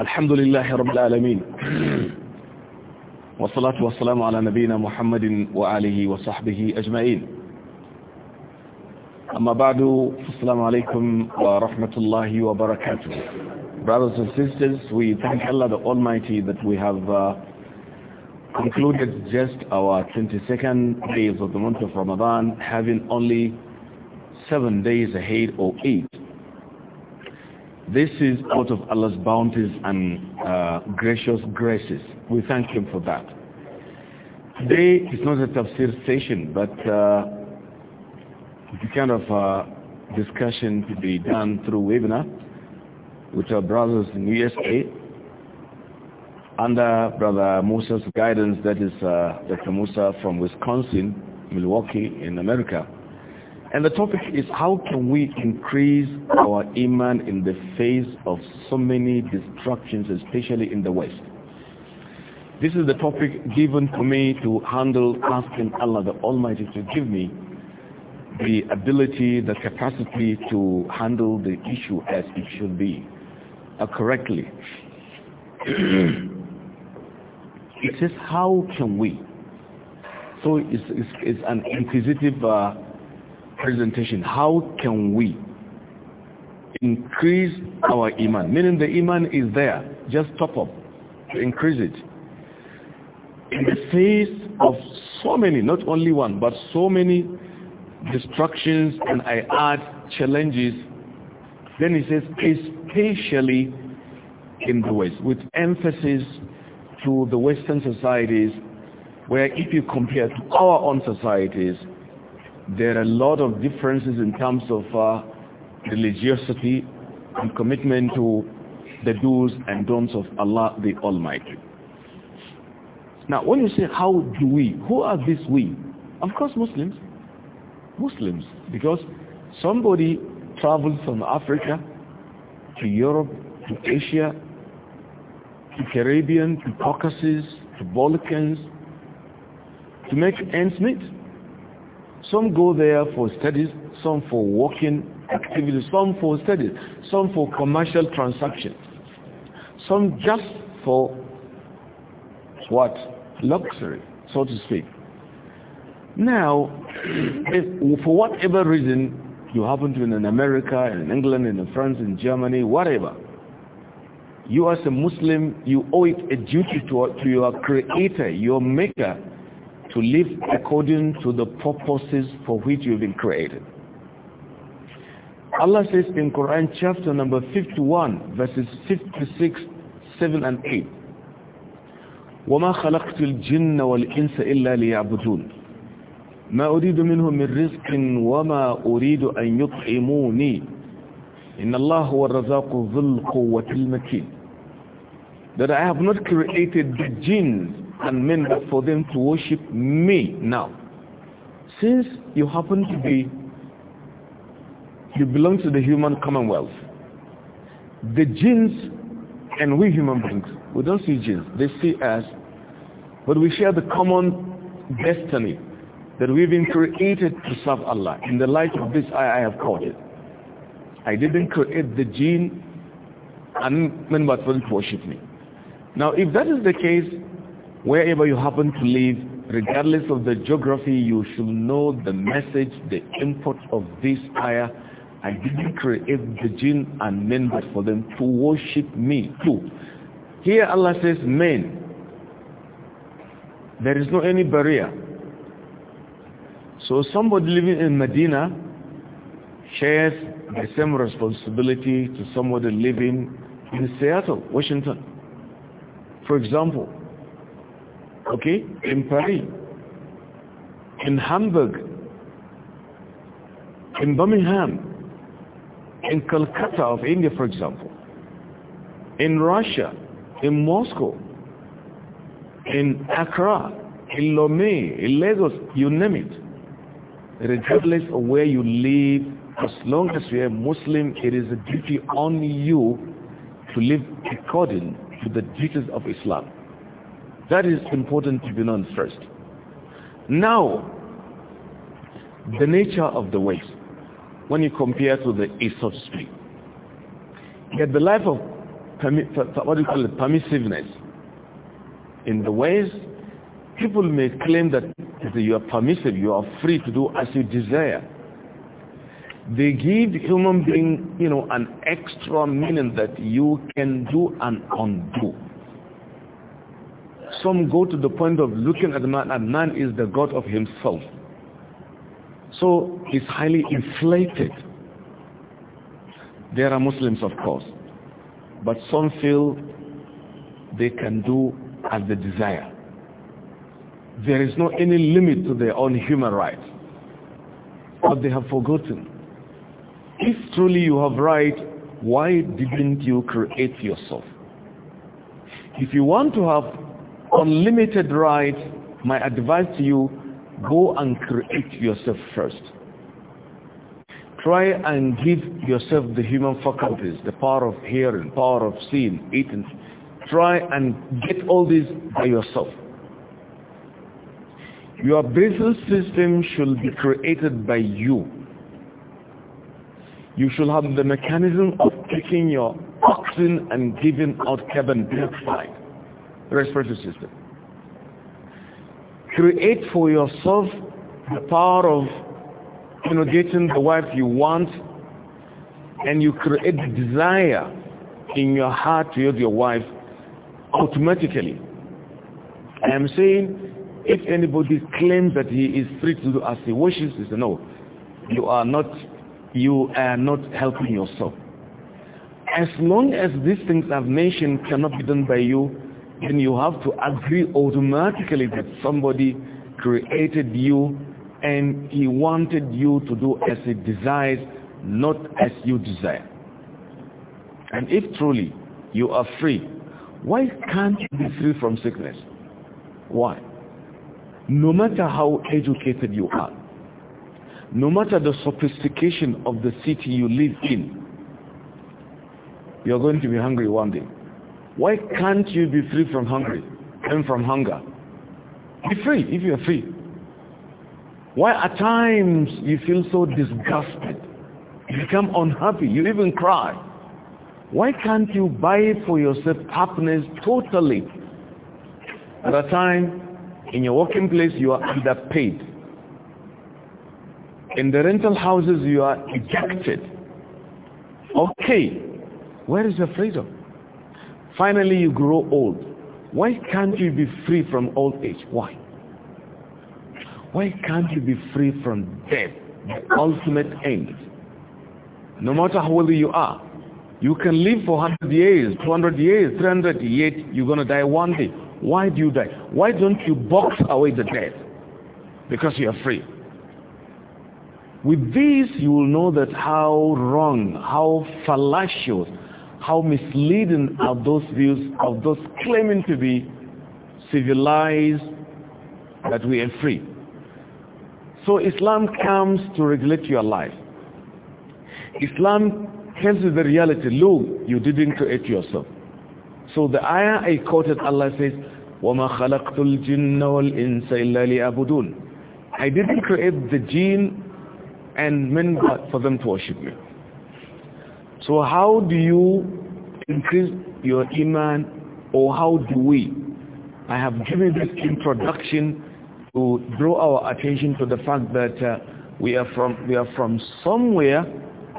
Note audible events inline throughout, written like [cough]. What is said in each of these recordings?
الحمد لله رب العالمين والصلاة والسلام على نبينا محمد وآله وصحبه أجمعين أما بعد السلام عليكم ورحمة الله وبركاته Brothers and sisters, we thank Allah the Almighty that we have uh, concluded just our 22nd days of the month of Ramadan having only seven days ahead or eight This is out of Allah's bounties and uh, gracious graces. We thank Him for that. Today is not a tafsir session, but uh, the kind of a uh, discussion to be done through webinar with our brothers in USA under Brother Musa's guidance, that is uh, Dr. Musa from Wisconsin, Milwaukee in America. And the topic is how can we increase our iman in the face of so many distractions, especially in the West. This is the topic given to me to handle asking Allah the Almighty to give me the ability, the capacity to handle the issue as it should be, uh, correctly. [clears throat] it says, how can we? So it's, it's, it's an inquisitive uh, presentation, how can we increase our iman? Meaning the iman is there, just top up to increase it. In the face of so many, not only one, but so many distractions and I add challenges, then he says, especially in the West, with emphasis to the Western societies, where if you compare to our own societies, there are a lot of differences in terms of uh, religiosity and commitment to the do's and don'ts of Allah the Almighty. Now, when you say, how do we? Who are these we? Of course, Muslims. Muslims. Because somebody travels from Africa to Europe, to Asia, to Caribbean, to Caucasus, to Balkans, to make ends meet. Some go there for studies, some for working activities, some for studies, some for commercial transactions, some just for what? Luxury, so to speak. Now, [clears throat] if, for whatever reason you happen to be in America, in England, in France, in Germany, whatever, you as a Muslim, you owe it a duty to, to your creator, your maker, to live according to the purposes for which you've been created. Allah says in Quran chapter number 51 verses 56, 7 and 8 وَمَا خَلَقْتُ الْجِنَّ وَالْإِنسَ إِلَّا لِيَعْبُدُونَ ما أريد منهم من رزق وما أريد أن يطعموني إن الله هو الرزاق ذو القوة المتين that I have not created the jinns and meant for them to worship me now. Since you happen to be, you belong to the human commonwealth, the jinns and we human beings, we don't see jinns, they see us, but we share the common destiny that we've been created to serve Allah. In the light of this I, I have it. I didn't create the jinn and but for them to worship me. Now if that is the case, wherever you happen to live, regardless of the geography, you should know the message, the import of this ayah. I didn't create the jinn and men but for them to worship me too. Here Allah says men. There is no any barrier. So somebody living in Medina shares the same responsibility to somebody living in Seattle, Washington. For example, okay, in Paris, in Hamburg, in Birmingham, in Calcutta of India, for example, in Russia, in Moscow, in Accra, in Lomé, in Lagos, you name it. Regardless of where you live, as long as you are Muslim, it is a duty on you to live according to the duties of Islam. That is important to be known first. Now, the nature of the ways, when you compare to the east, of to yet the life of what do you call it, permissiveness in the ways, people may claim that you are permissive, you are free to do as you desire. They give human being, you know, an extra meaning that you can do and undo. Some go to the point of looking at man and man is the God of himself. So he's highly inflated. There are Muslims, of course, but some feel they can do as they desire. There is no any limit to their own human rights. But they have forgotten. If truly you have right, why didn't you create yourself? If you want to have unlimited rights, my advice to you, go and create yourself first. Try and give yourself the human faculties, the power of hearing, power of seeing, eating. Try and get all this by yourself. Your business system should be created by you. You should have the mechanism of taking your oxen and giving out carbon dioxide respiratory system. Create for yourself the power of you know, getting the wife you want and you create desire in your heart towards your wife automatically. I am saying if anybody claims that he is free to do as he wishes, he says, no, you are not, you are not helping yourself. As long as these things I've mentioned cannot be done by you, then you have to agree automatically that somebody created you and he wanted you to do as he desires, not as you desire. And if truly you are free, why can't you be free from sickness? Why? No matter how educated you are, no matter the sophistication of the city you live in, you're going to be hungry one day. Why can't you be free from hunger and from hunger? Be free if you are free. Why at times you feel so disgusted? You become unhappy. You even cry. Why can't you buy for yourself happiness totally? At a time, in your working place, you are underpaid. In the rental houses, you are ejected. Okay, where is your freedom? Finally, you grow old. Why can't you be free from old age? Why? Why can't you be free from death, the ultimate end? No matter how old you are, you can live for 100 years, 200 years, 300 years, you're going to die one day. Why do you die? Why don't you box away the death? Because you are free. With this, you will know that how wrong, how fallacious, how misleading are those views of those claiming to be civilized that we are free. So Islam comes to regulate your life. Islam tells you the reality, look, you didn't create yourself. So the ayah I quoted, Allah says, وَمَا خَلَقْتُ الْجِنَّ وَالْإِنسَ إِلَّا لِيَعْبُدُونَ I didn't create the jinn and men for them to worship me. So how do you increase your iman or how do we? I have given this introduction to draw our attention to the fact that uh, we are from we are from somewhere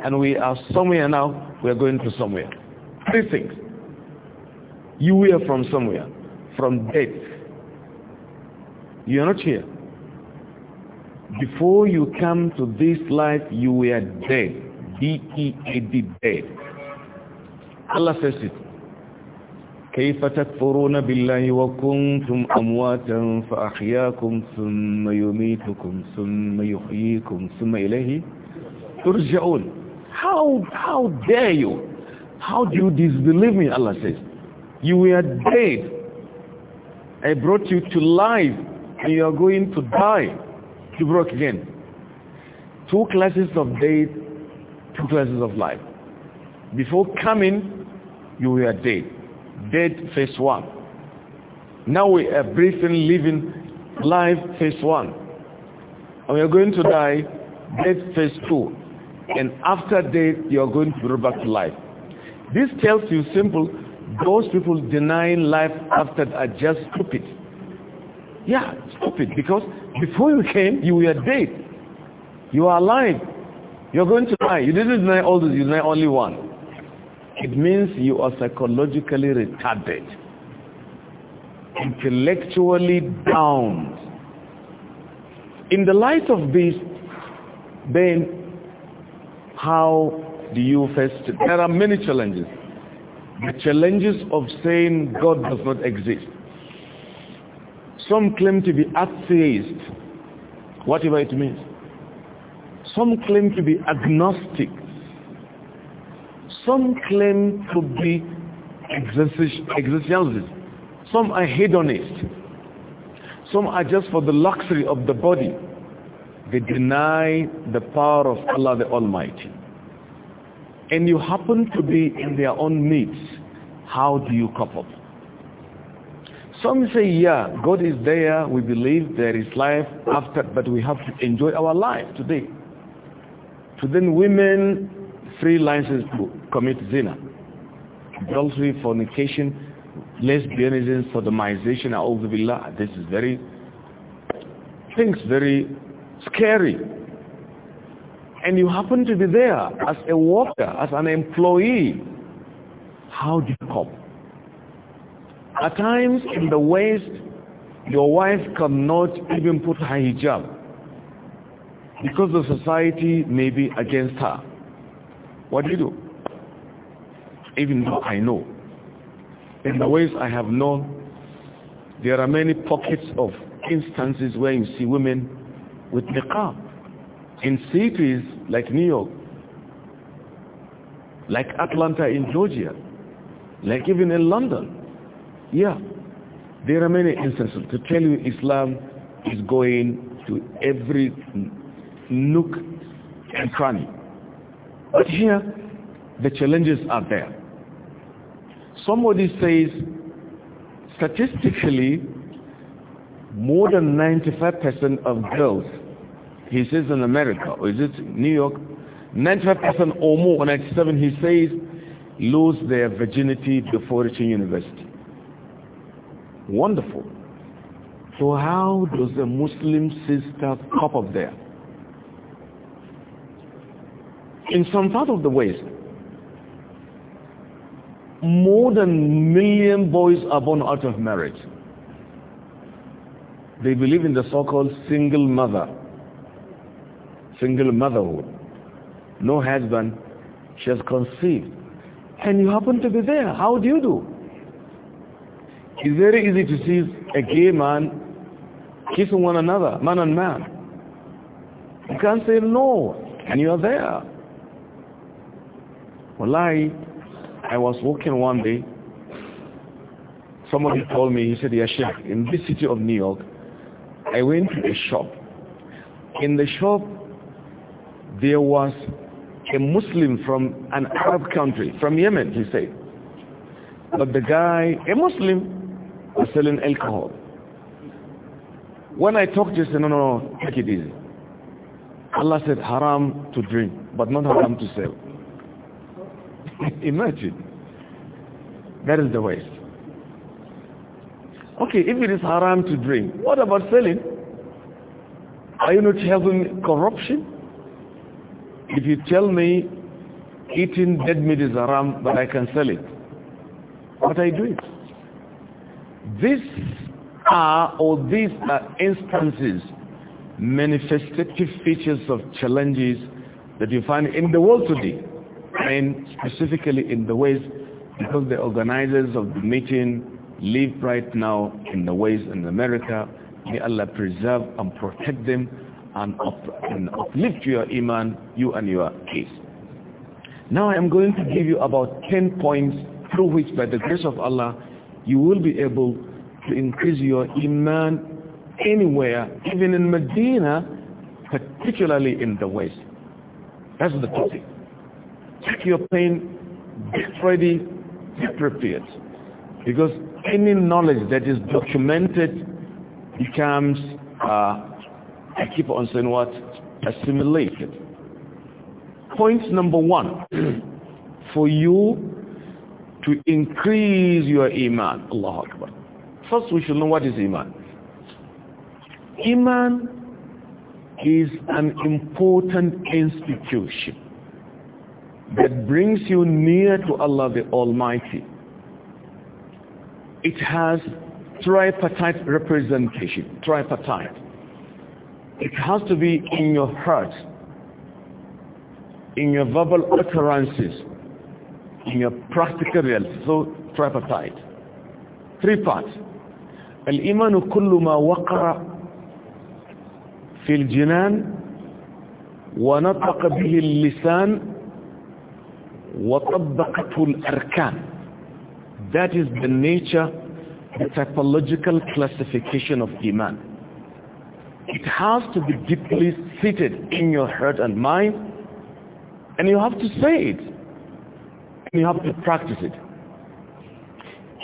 and we are somewhere now we are going to somewhere. Three things. You were from somewhere, from death. You are not here. Before you come to this life, you were dead D-E-A-D, dead. Allah says it. كيف تكفرون بالله وكنتم أمواتا فأحياكم ثم يميتكم ثم يحييكم ثم إليه ترجعون how, how dare you how do you disbelieve me Allah says you were dead I brought you to life and you are going to die you broke again two classes of dead influences of life. Before coming, you were dead. Dead, phase one. Now we are breathing, living life, phase one. And we are going to die, dead phase two. And after death, you are going to go back to life. This tells you simple, those people denying life after are just stupid. Yeah, stupid, because before you came, you were dead. You are alive. You're going to deny. You didn't deny all this, you deny only one. It means you are psychologically retarded, intellectually down. In the light of this, then how do you face it? There are many challenges. The challenges of saying God does not exist. Some claim to be atheist, whatever it means. Some claim to be agnostics. Some claim to be existentialists. Some are hedonists. Some are just for the luxury of the body. They deny the power of Allah the Almighty. And you happen to be in their own midst. How do you couple? Some say, yeah, God is there. We believe there is life after, but we have to enjoy our life today. So then women free license to commit zina adultery fornication lesbianism sodomization billah. this is very things very scary and you happen to be there as a worker as an employee how do you cope at times in the west your wife cannot even put her hijab because the society may be against her. What do you do? Even though I know, in the ways I have known, there are many pockets of instances where you see women with niqab in cities like New York, like Atlanta in Georgia, like even in London. Yeah, there are many instances. To tell you Islam is going to every nook and cranny. But here, the challenges are there. Somebody says, statistically, more than 95% of girls, he says in America, or is it New York, 95% or more, 97 he says, lose their virginity before reaching university. Wonderful. So how does a Muslim sister cop up there? in some part of the West, more than million boys are born out of marriage. They believe in the so-called single mother, single motherhood. No husband, she has conceived. And you happen to be there. How do you do? It's very easy to see a gay man kissing one another, man and man. You can't say no, and you are there. Wallahi, I was walking one day. Somebody told me, he said, yeah, Sheikh, in this city of New York, I went to a shop. In the shop, there was a Muslim from an Arab country, from Yemen, he said. But the guy, a Muslim, was selling alcohol. When I talked, he said, no, no, no, take it easy. Allah said haram to drink, but not haram to sell. [laughs] Imagine. That is the waste. Okay, if it is haram to drink, what about selling? Are you not having corruption? If you tell me eating dead meat is haram, but I can sell it, what I do it? These are, or these are instances, manifestative features of challenges that you find in the world today. And specifically in the ways because the organizers of the meeting live right now in the ways in America. May Allah preserve and protect them and, up, and uplift your iman, you and your case. Now I am going to give you about 10 points through which by the grace of Allah you will be able to increase your iman anywhere, even in Medina, particularly in the West. That's the topic. take your pain, get ready, be prepared. Because any knowledge that is documented becomes, uh, I keep on saying what, assimilated. Point number one, [clears throat] for you to increase your iman. Allah Akbar. First, we should know what is iman. Iman is an important institution. that brings you near to Allah the Almighty. It has tripartite representation, tripartite. It has to be in your heart, in your verbal utterances, in your practical reality. So tripartite. Three parts. الإيمان كل ما وقع في الجنان ونطق به اللسان وَطَبَّقَتُ الْأَرْكَانِ That is the nature, the typological classification of Iman. It has to be deeply seated in your heart and mind, and you have to say it, and you have to practice it.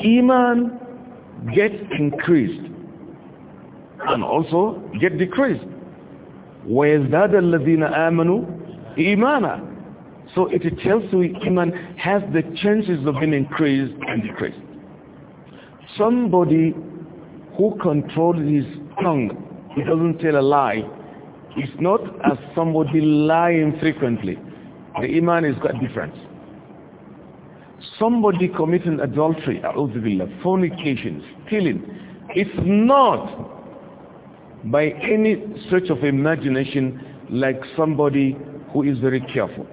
Iman gets increased and also get decreased. وَيَزْدَادَ الَّذِينَ آمَنُوا إِيمَانًا So it tells you Iman has the chances of being increased and decreased. Somebody who controls his tongue, he doesn't tell a lie, is not as somebody lying frequently. The Iman is quite different. Somebody committing adultery, fornication, stealing, it's not by any stretch of imagination like somebody who is very careful.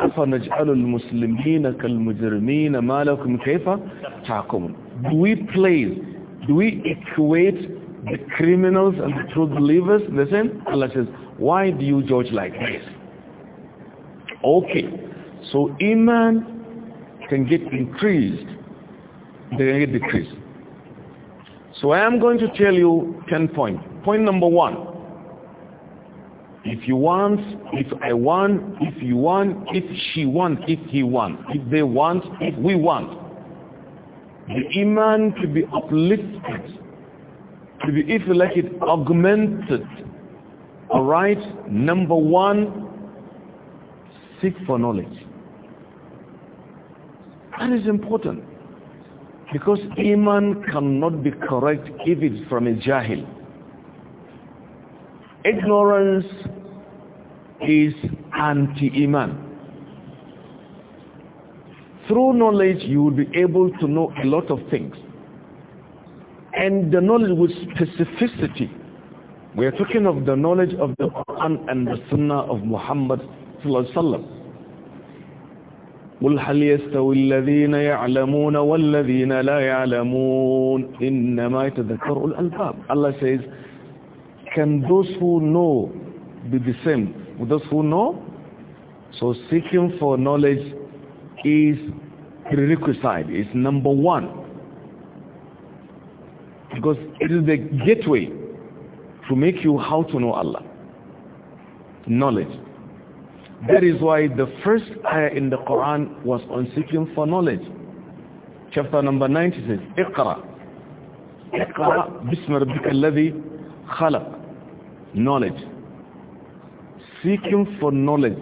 afa naj'alul muslimina kal mujrimina ma lakum kayfa tahkumun do we place do we equate the criminals and the true believers the same Allah says why do you judge like this okay so iman can get increased they can get decreased so I am going to tell you 10 points point number one. if you want, if I want, if you want, if she want, if he want, if they want, if we want. The iman to be uplifted, to be, if you like it, augmented. All right? Number one, seek for knowledge. That is important. Because iman cannot be correct if it's from a jahil. ignorance is anti-iman. Through knowledge, you will be able to know a lot of things. And the knowledge with specificity. We are talking of the knowledge of the Quran and the Sunnah of Muhammad sallallahu alaihi wasallam. قل هل يستوي الذين يعلمون والذين لا يعلمون إنما يتذكر الألباب Allah says can those who know be the same with those who know? So seeking for knowledge is prerequisite, is number one. Because it is the gateway to make you how to know Allah. Knowledge. That is why the first ayah in the Quran was on seeking for knowledge. Chapter number says إقرأ إقرأ بسم rabbika الذي خلق knowledge seeking for knowledge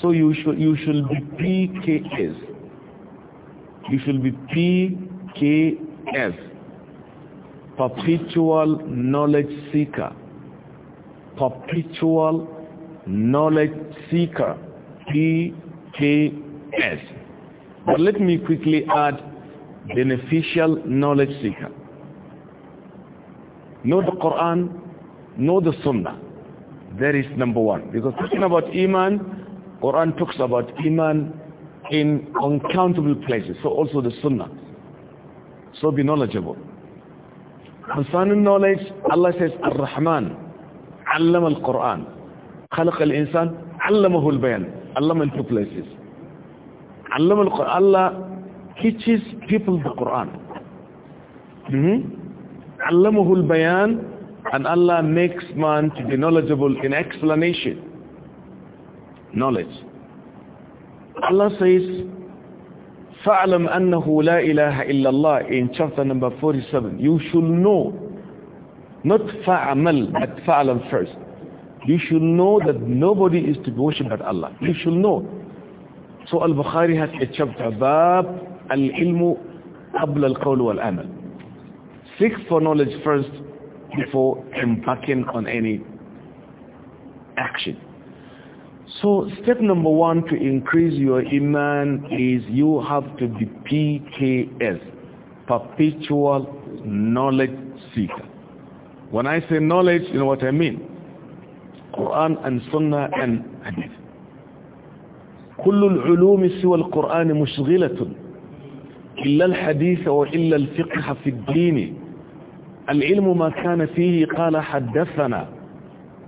so you should you should be pks you should be pks perpetual knowledge seeker perpetual knowledge seeker pks but let me quickly add beneficial knowledge seeker know the quran know the sunnah that is number one because talking about iman quran talks about iman in uncountable places so also the sunnah so be knowledgeable concerning knowledge allah says ar-rahman allama al-quran خلق الانسان علمه البيان علم in two places علم القران allah teaches people the quran mm -hmm. علمه البيان And Allah makes man to be knowledgeable in explanation. Knowledge. Allah says, فَعْلَمْ أَنَّهُ لَا إِلَهَ إِلَّا اللَّهِ in chapter number 47. You should know, not فَعْمَل, but فَعْلَم first. You should know that nobody is to be worshipped but Allah. You should know. So Al-Bukhari has a chapter, باب العلم قبل القول والعمل. Seek for knowledge first before embarking on any action. So step number one to increase your iman is you have to be PKS, perpetual knowledge seeker. When I say knowledge, you know what I mean? Quran and Sunnah and Hadith. كل العلوم سوى القرآن مشغلة إلا الحديث وإلا الفقه في الدين العلم ما كان فيه قال حدثنا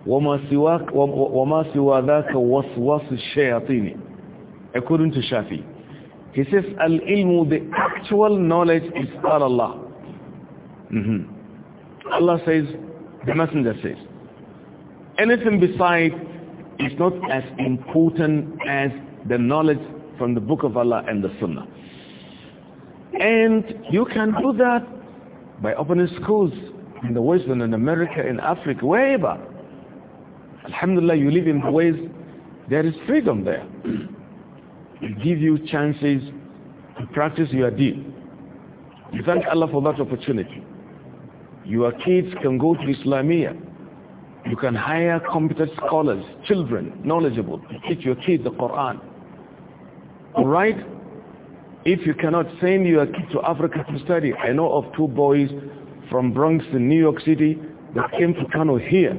وما سوى وما سوى ذاك وسواس الشياطين according to Shafi he says العلم the actual knowledge is Allah mm -hmm. Allah says the messenger says anything beside is not as important as the knowledge from the book of Allah and the sunnah and you can do that by opening schools in the Western, in America, in Africa, wherever. Alhamdulillah, you live in the ways there is freedom there. It [clears throat] gives you chances to practice your deed. You thank Allah for that opportunity. Your kids can go to Islamia. You can hire competent scholars, children, knowledgeable, to teach your kids the Quran. All right? If you cannot send your kid to Africa to study, I know of two boys from Bronx in New York City that came to Kano here,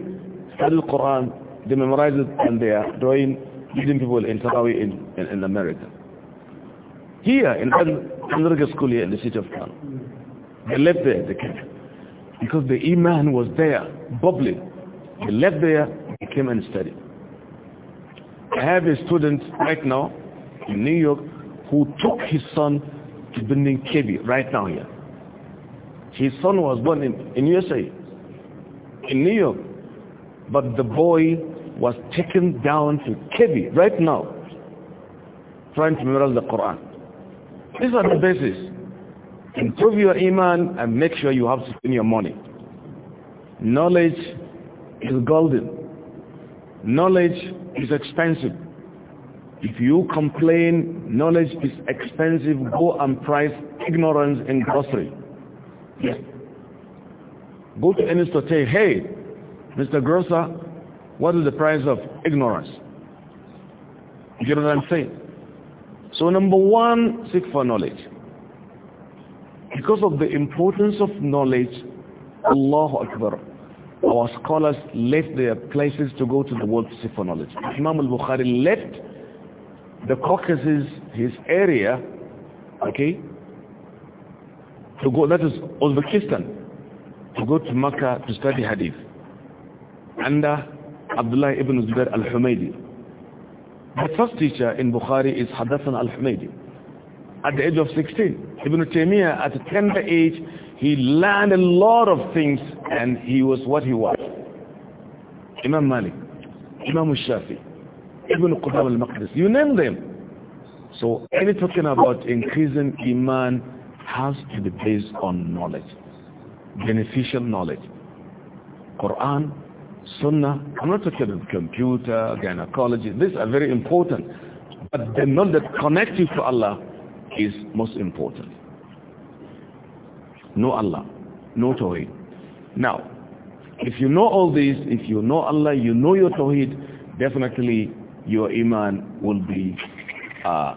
studied Quran, they memorized it, and they are doing leading people in Tarawih in, in, in, America. Here, in Andrika school here in the city of Kano. They left there, they came. Because the Iman was there, bubbling. They left there, he came and studied. I have a student right now in New York who took his son to Benin Kebi right now here. His son was born in, in USA, in New York. But the boy was taken down to Kebi right now, trying to memorize the Quran. These are the basis. Improve your iman and make sure you have to spend your money. Knowledge is golden. Knowledge is expensive. If you complain knowledge is expensive, go and price ignorance in grocery. Yes. Go to any store, say, hey, Mr. Grocer, what is the price of ignorance? You know what I'm saying? So number one, seek for knowledge. Because of the importance of knowledge, Allahu Akbar, our scholars left their places to go to the world to seek for knowledge. Imam al-Bukhari left the Caucasus, his area, okay, to go, that is Uzbekistan, to go to Makkah to study Hadith under Abdullah ibn Zubair al-Humaydi. The first teacher in Bukhari is Hadathan al-Humaydi. At the age of 16, Ibn Taymiyyah at a tender age, he learned a lot of things and he was what he was. Imam Malik, Imam al-Shafi, Ibn Qudam al-Maqdis, you name them. So any talking about increasing Iman has to be based on knowledge, beneficial knowledge. Quran, Sunnah, I'm not talking about computer, gynecology, these are very important. But the knowledge that connects you to Allah is most important. Know Allah, know Tawheed. Now, if you know all this, if you know Allah, you know your Tawheed, definitely your iman will be uh,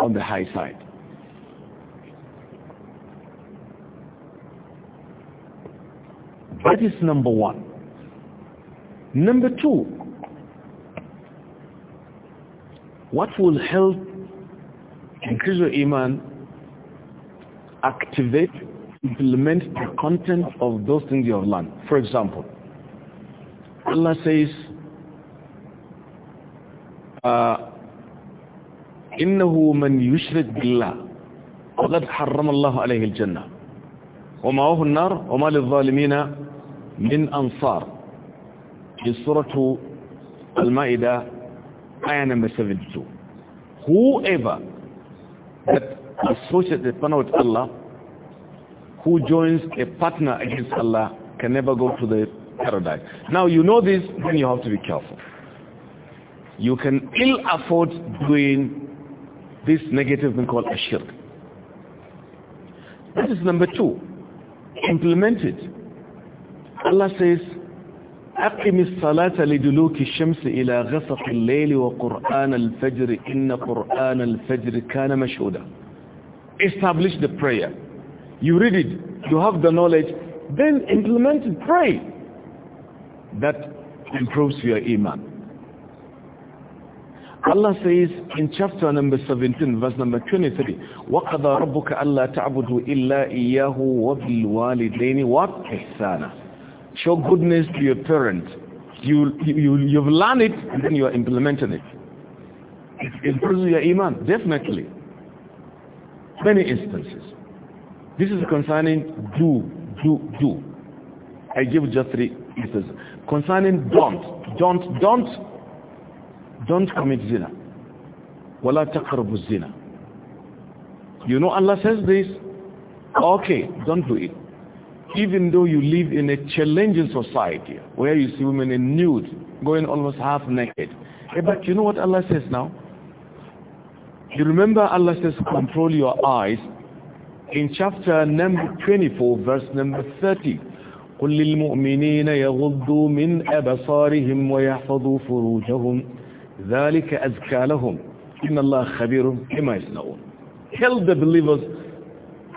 on the high side. That is number one. Number two, what will help increase your iman, activate, implement the content of those things you have learned. For example, Allah says, إنه من يشرك بالله وقد حرم الله عليه الجنة هو النار وما للظالمين من أنصار في سورة المائدة آية number 72 whoever that associates a partner with Allah who joins a partner against Allah can never go to the paradise now you know this then you have to be careful you can ill afford doing this negative thing called ashirk. That is number two. Implement it. Allah says, أقم الصلاة لدلوك الشمس إلى غسق الليل وقرآن الفجر إن قرآن الفجر كان مشهودا Establish the prayer. You read it. You have the knowledge. Then implement it. Pray. That improves your iman. Allah says in chapter number 17, verse number 23, ta'budu illa iyyahu wa bil إِيَّاهُ wa ihsana Show goodness to your parent. You, you, you've learned it and then you are implementing it. It improves your iman, definitely. Many instances. This is concerning do, do, do. I give just three instances. Concerning don't, don't, don't, don't commit zina ولا تقربوا الزنا you know Allah says this okay don't do it even though you live in a challenging society where you see women in nude going almost half naked eh, but you know what Allah says now you remember Allah says control your eyes in chapter number 24 verse number 30 قل للمؤمنين يغضوا من أبصارهم ويحفظوا فروجهم ذَلِكَ أَزْكَى لَهُمْ إِنَّ اللَّهَ خَبِيرٌ بِمَا يَصْنَعُونَ Help the believers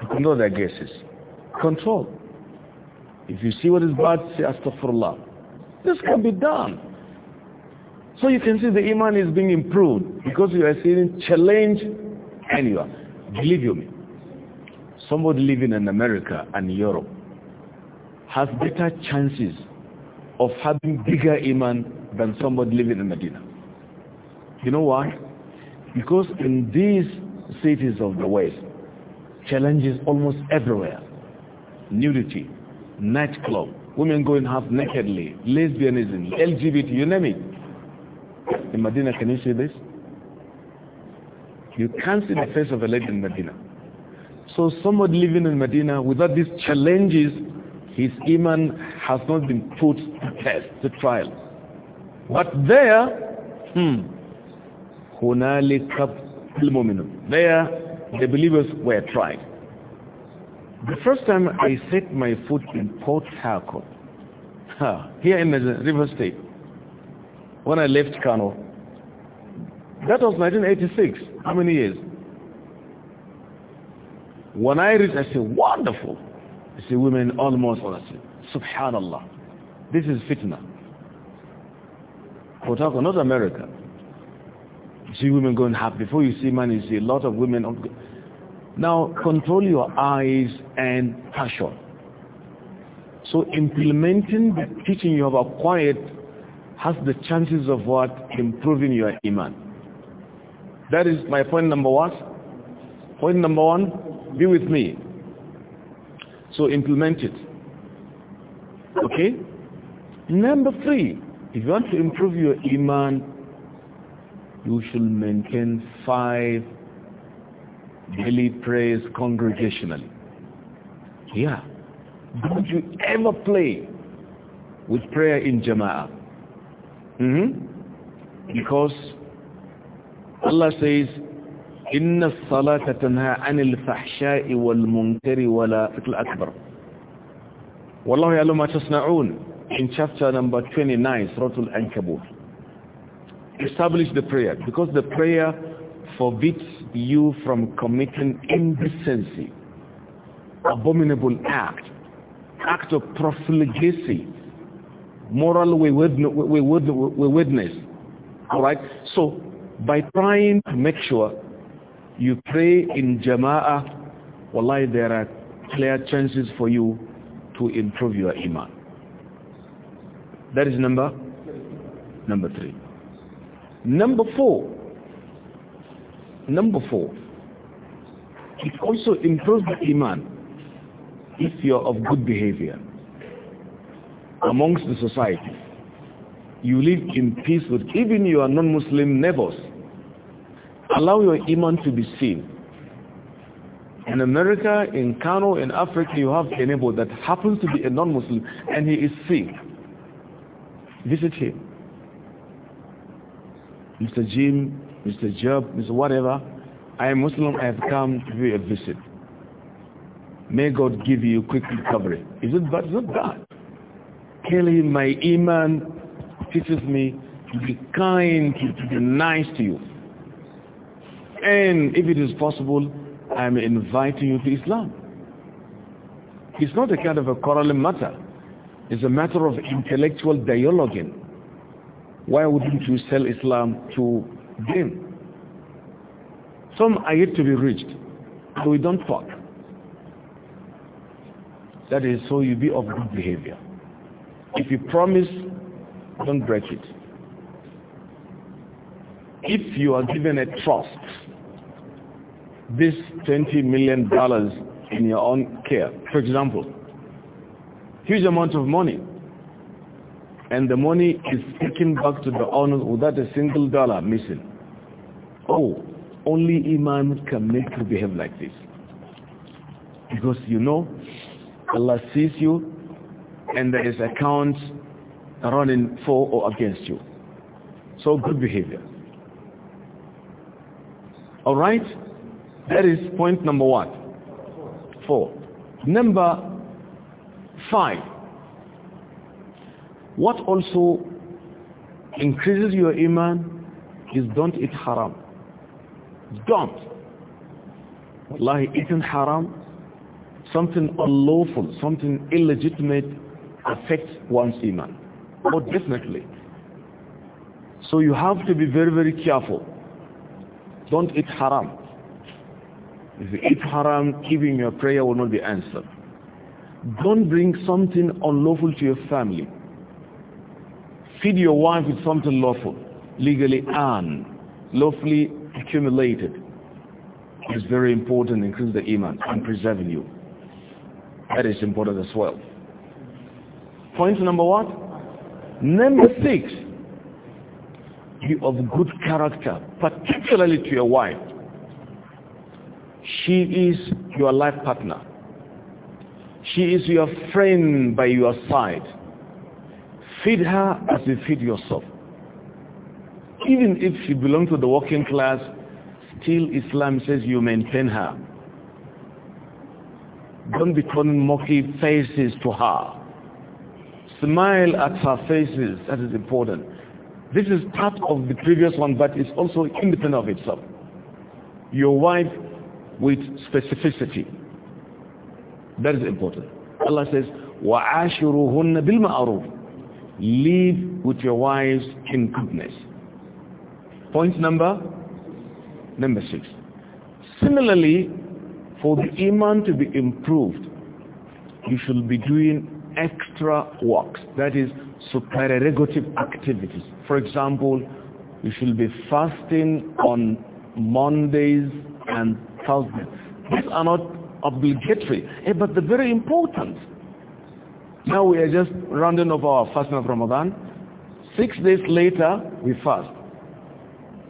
to control their guesses, Control. If you see what is bad, say astaghfirullah. This can be done. So you can see the iman is being improved because you are seeing challenge and Believe you me. Somebody living in America and Europe has better chances of having bigger iman than somebody living in Medina. You know why? Because in these cities of the West, challenges almost everywhere. Nudity, nightclub, women going half nakedly, lesbianism, LGBT, you name it. In Medina, can you see this? You can't see the face of a lady in Medina. So someone living in Medina without these challenges, his iman has not been put to test, to trial. But there, hmm, there, the believers were tried. The first time I set my foot in Port Harcourt, here in the River State, when I left Kano, that was 1986. How many years? When I reached, I said, wonderful. I said, women almost all. I said, subhanallah. This is fitna. Port Harcourt, not America see women going half. Before you see man, you see a lot of women. Now, control your eyes and passion. So implementing the teaching you have acquired has the chances of what? Improving your iman. That is my point number one. Point number one, be with me. So implement it. Okay? Number three, if you want to improve your iman, you should maintain five daily prayers congregationally. Yeah. Don't you ever play with prayer in Jama'ah. Mm -hmm. Because Allah says, إن الصلاة تنهى عن الفحشاء والمنكر ولا فكل أكبر والله يعلم ما تصنعون in chapter number 29 Al الأنكبوت establish the prayer because the prayer forbids you from committing indecency, abominable act, act of profligacy, moral we witness. All right? So by trying to make sure you pray in jama'ah, wallahi there are clear chances for you to improve your iman. That is number number three. Number four, number four, it also improves the iman if you're of good behavior amongst the society. You live in peace with even your non-Muslim neighbors. Allow your iman to be seen. In America, in Kano, in Africa, you have a neighbor that happens to be a non-Muslim and he is seen. Visit him Mr. Jim, Mr. Job, Mr. whatever, I am Muslim, I have come to pay a visit. May God give you quick recovery. Is it bad? Is it bad. Tell him my iman teaches me to be kind, to be nice to you. And if it is possible, I'm inviting you to Islam. It's not a kind of a quarreling matter. It's a matter of intellectual dialoguing why wouldn't you sell Islam to them? Some are yet to be reached, so we don't talk. That is, so you be of good behavior. If you promise, don't break it. If you are given a trust, this $20 million in your own care, for example, huge amount of money, and the money is taken back to the owner without a single dollar missing. Oh, only Iman can make you behave like this. Because you know, Allah sees you and there is accounts running for or against you. So good behavior. All right? That is point number one. Four. Number five what also increases your iman is don't eat haram. Don't. like eating haram, something unlawful, something illegitimate affects one's iman. Oh, definitely. So you have to be very, very careful. Don't eat haram. If you eat haram, even your prayer will not be answered. Don't bring something unlawful to your family. Feed your wife with something lawful, legally earned, lawfully accumulated. It's very important. increasing the iman. and preserving you. That is important as well. Point number what? Number six. Be of good character, particularly to your wife. She is your life partner. She is your friend by your side. Feed her as you feed yourself. Even if she belongs to the working class, still Islam says you maintain her. Don't be turning mocking faces to her. Smile at her faces. That is important. This is part of the previous one, but it's also independent of itself. Your wife with specificity. That is important. Allah says, وَعَاشِرُهُنَّ بِالْمَعْرُوفِ live with your wives in goodness. Point number number six. Similarly, for the iman to be improved, you should be doing extra works, that is supererogative activities. For example, you should be fasting on Mondays and Thursdays. These are not obligatory, eh, but they're very important. Now we are just rounding off our fasting of Ramadan. Six days later, we fast.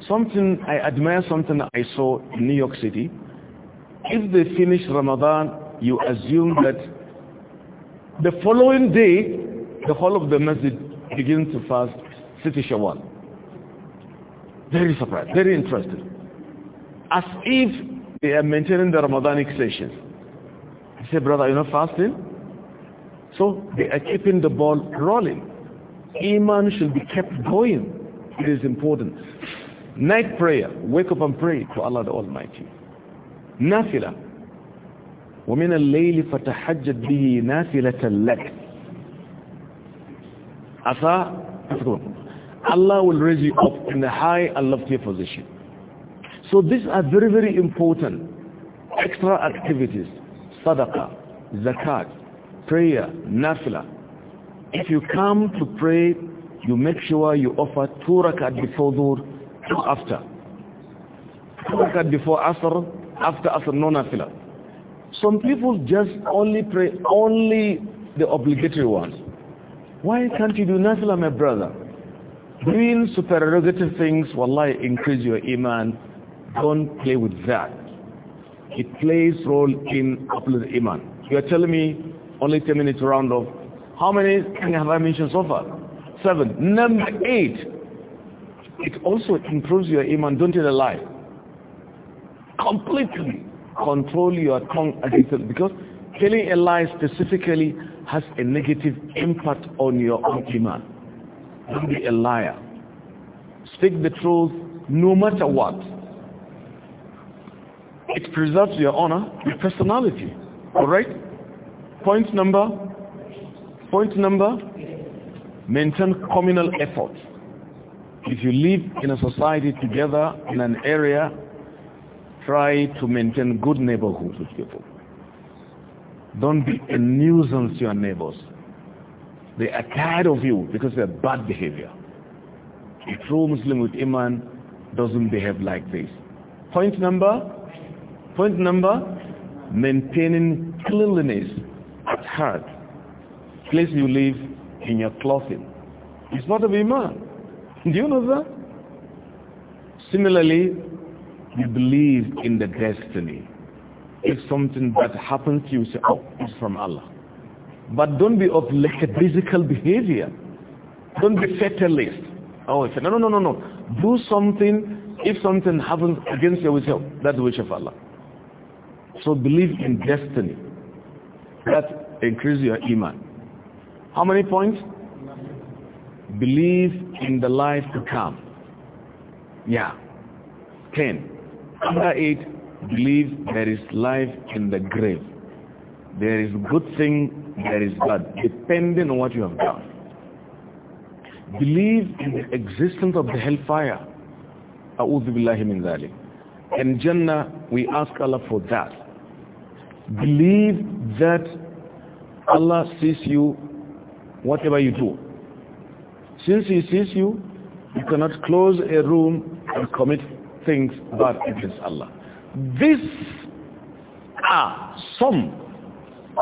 Something, I admire something I saw in New York City. If they finish Ramadan, you assume that the following day, the whole of the masjid begins to fast City Shawwal. Very surprised, very interested. As if they are maintaining the Ramadanic sessions. I said, brother, are you not fasting? So they are keeping the ball rolling. Iman should be kept going. It is important. Night prayer. Wake up and pray to Allah the Almighty. Nafila. وَمِنَ اللَّيْلِ فَتَحَجَّدْ بِهِ نَافِلَةً لَكَ Asa, Allah will raise you up in a high and lofty position. So these are very, very important extra activities. Sadaqah, zakat, prayer, nafila. If you come to pray, you make sure you offer two rakat before dhuhr, two after. Two rakat before asr, after asr, no nafila. Some people just only pray only the obligatory ones. Why can't you do nafila, my brother? Doing supererogative things, wallahi, increase your iman. Don't play with that. It plays role in opposite iman. You are telling me only 10 minutes round off. How many have I mentioned so far? Seven. Number eight, it also improves your iman. Don't tell a lie. Completely control your tongue because telling a lie specifically has a negative impact on your own iman. Don't be a liar. Speak the truth no matter what. It preserves your honor, your personality. All right? Point number, point number, maintain communal effort. If you live in a society together in an area, try to maintain good neighborhoods with people. Don't be a nuisance to your neighbors. They are tired of you because of bad behavior. A true Muslim with Iman doesn't behave like this. Point number, point number, maintaining cleanliness at hand, place you live in your clothing. It's not a man. Do you know that? Similarly, you believe in the destiny. If something that happens to you, say, oh, it's from Allah. But don't be of physical behavior. Don't be fatalist. Oh, no, no, no, no, no. Do something. If something happens against your will, oh, that's the wish of Allah. So believe in destiny. That increase your iman. How many points? Believe in the life to come. Yeah. Ten. Number eight, believe there is life in the grave. There is good thing, there is bad, depending on what you have done. Believe in the existence of the hellfire. A'udhu billahi min dhalik. And Jannah, we ask Allah for that. Believe that Allah sees you whatever you do. Since he sees you, you cannot close a room and commit things bad against Allah. These are some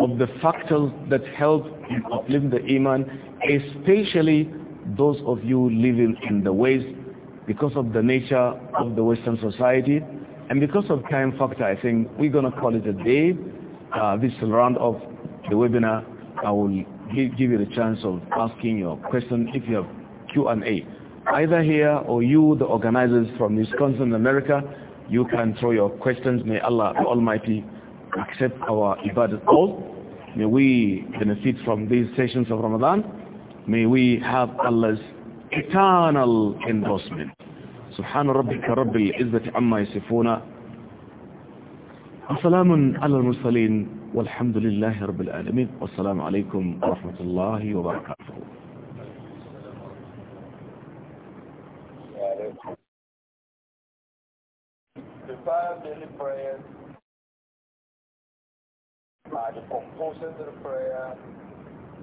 of the factors that help you uplifting the Iman, especially those of you living in the West because of the nature of the Western society and because of time factor, I think we're going to call it a day, uh, this round of the webinar, I will give, you the chance of asking your question if you have Q&A. Either here or you, the organizers from Wisconsin, America, you can throw your questions. May Allah the Almighty accept our ibadat all. May we benefit from these sessions of Ramadan. May we have Allah's eternal endorsement. سبحان ربك رب العزة عما يصفون وسلام على المرسلين والحمد لله رب العالمين والسلام عليكم ورحمة الله وبركاته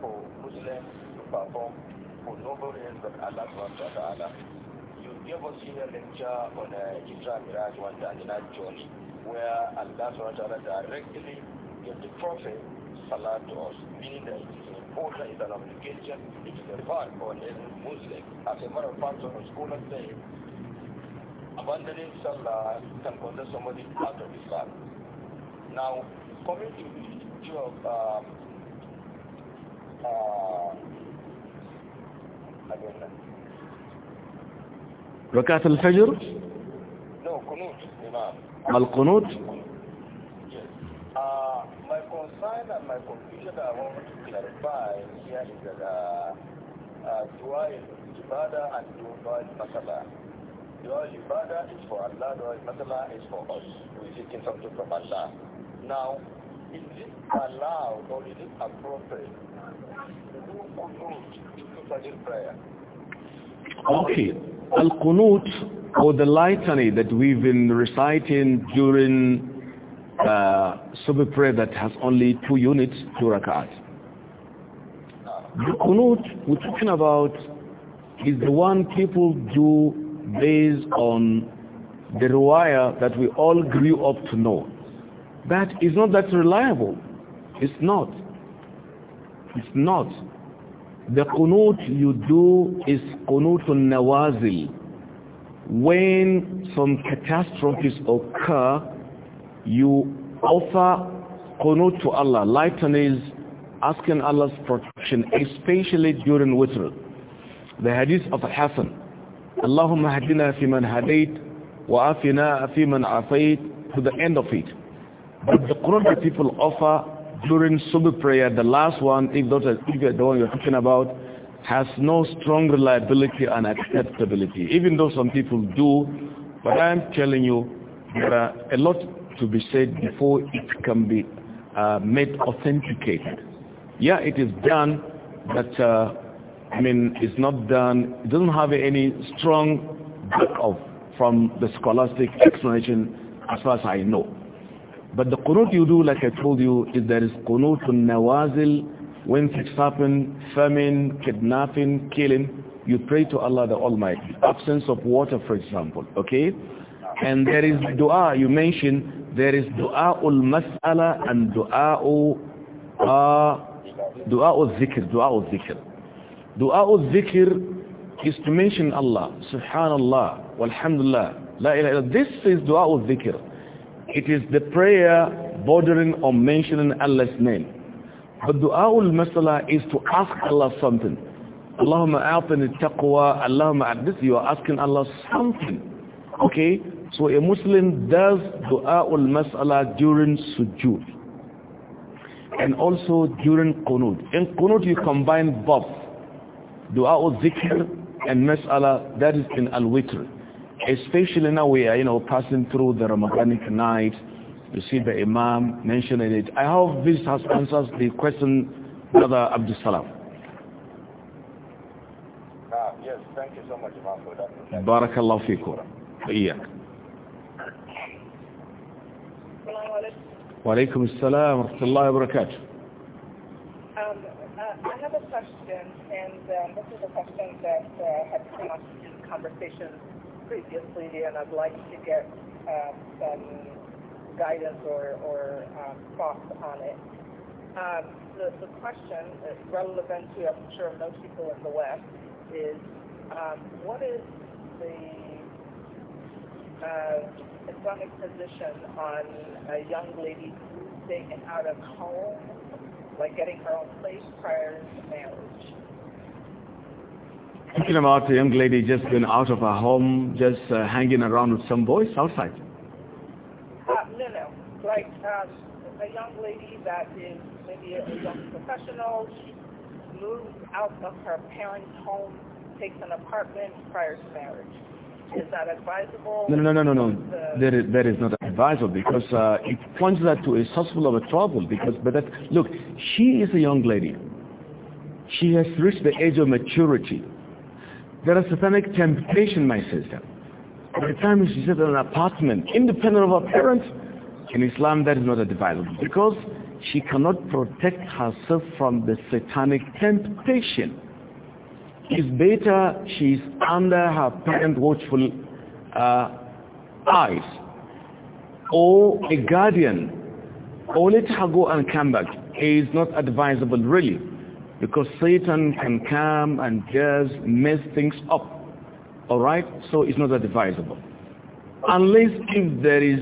for Muslims to perform for noble ends of Allah subhanahu wa ta'ala. you gave us here a lecture on uh, Isra Miraj one day in journey where Allah SWT directly gave the Prophet Salah to us, meaning that it is an important, it's an obligation, it is a part on every Muslim. As a matter of fact, some scholars say, abandoning Salah can consider somebody out of Islam. Now, coming to the issue of um, uh, again, ركعة الفجر نو قنوت امام القنوت ماي كونساين اند ماي كونفيوجن اي وونت تو كلاريفاي هي از ا دعاي عباده اند دعاي مثلا دعاي عباده از فور الله دعاي مثلا از فور اس وي سيكين سمثينج فروم الله ناو Is it allowed or is it appropriate okay. Al-Qunut or the litany that we've been reciting during uh, Subh prayer that has only two units, two rak'at. The Qunut we're talking about is the one people do based on the Ruwaya that we all grew up to know. That is not that reliable. It's not. It's not. the qunut you do is qunutun nawazil when some catastrophes occur you offer qunut to Allah is asking Allah's protection especially during witr the hadith of Hassan Allahumma hadina fi man hadait wa afina fi man afait to the end of it but the qunut that people offer during Subh prayer, the last one, if if the one you're talking about, has no strong reliability and acceptability, even though some people do. But I'm telling you, there are a lot to be said before it can be uh, made authenticated. Yeah, it is done, but uh, I mean, it's not done. It doesn't have any strong backup from the scholastic explanation as far as I know. But the qunut you do, like I told you, is there is qunut nawazil, when things happen, famine, kidnapping, killing, you pray to Allah the Almighty. Absence of water, for example, okay? And there is dua, you mentioned, there is dua ul mas'ala and dua ul uh, dua'u zikr, dua'u zikr. Dua'u zikr is to mention Allah, subhanallah, walhamdulillah, la ilaha This is dua ul zikr. It is the prayer bordering on mentioning Allah's name. But du'a'ul masala is to ask Allah something. Allahumma a'tini taqwa, Allahumma a'dith, you are asking Allah something. Okay, so a Muslim does du'a'ul masala during sujood. And also during qunut. In qunut you combine both. Du'a'ul zikr and masala, that is in al-witr. especially now we are, you know, passing through the Ramadanic night. You see the Imam mentioning it. I hope this has answers the question, Brother Abdul Salam. Ah, yes, thank you so much, Imam, for that. Barakallahu feekum. Iyak. Wa alaikum assalam wa rahmatullahi wa barakatuh. Um, uh, I have a question, and um, this is a question that uh, had come up in conversations previously, and I'd like to get uh, some guidance or, or um, thoughts on it. Um, the, the question relevant to, I'm sure, most people in the West is um, what is the uh, Islamic position on a young lady being out of home, like getting her own place prior to marriage? Talking about a young lady just been out of her home, just uh, hanging around with some boys outside. Uh, no, no. Like uh, a young lady that is maybe a, young professional, she moves out of her parents' home, takes an apartment prior to marriage. Is that advisable? No, no, no, no, no. That, is, that is not advisable because uh, it points that to a sourceful of a trouble. Because, but that, look, she is a young lady. She has reached the age of maturity there are satanic temptation, my sister. By the time she sits in an apartment, independent of her parents, in Islam that is not advisable because she cannot protect herself from the satanic temptation. It's better she is under her parent watchful uh, eyes or a guardian or let her go and come back. It is not advisable really. Because Satan can come and just mess things up. Alright? So it's not advisable. Unless if there is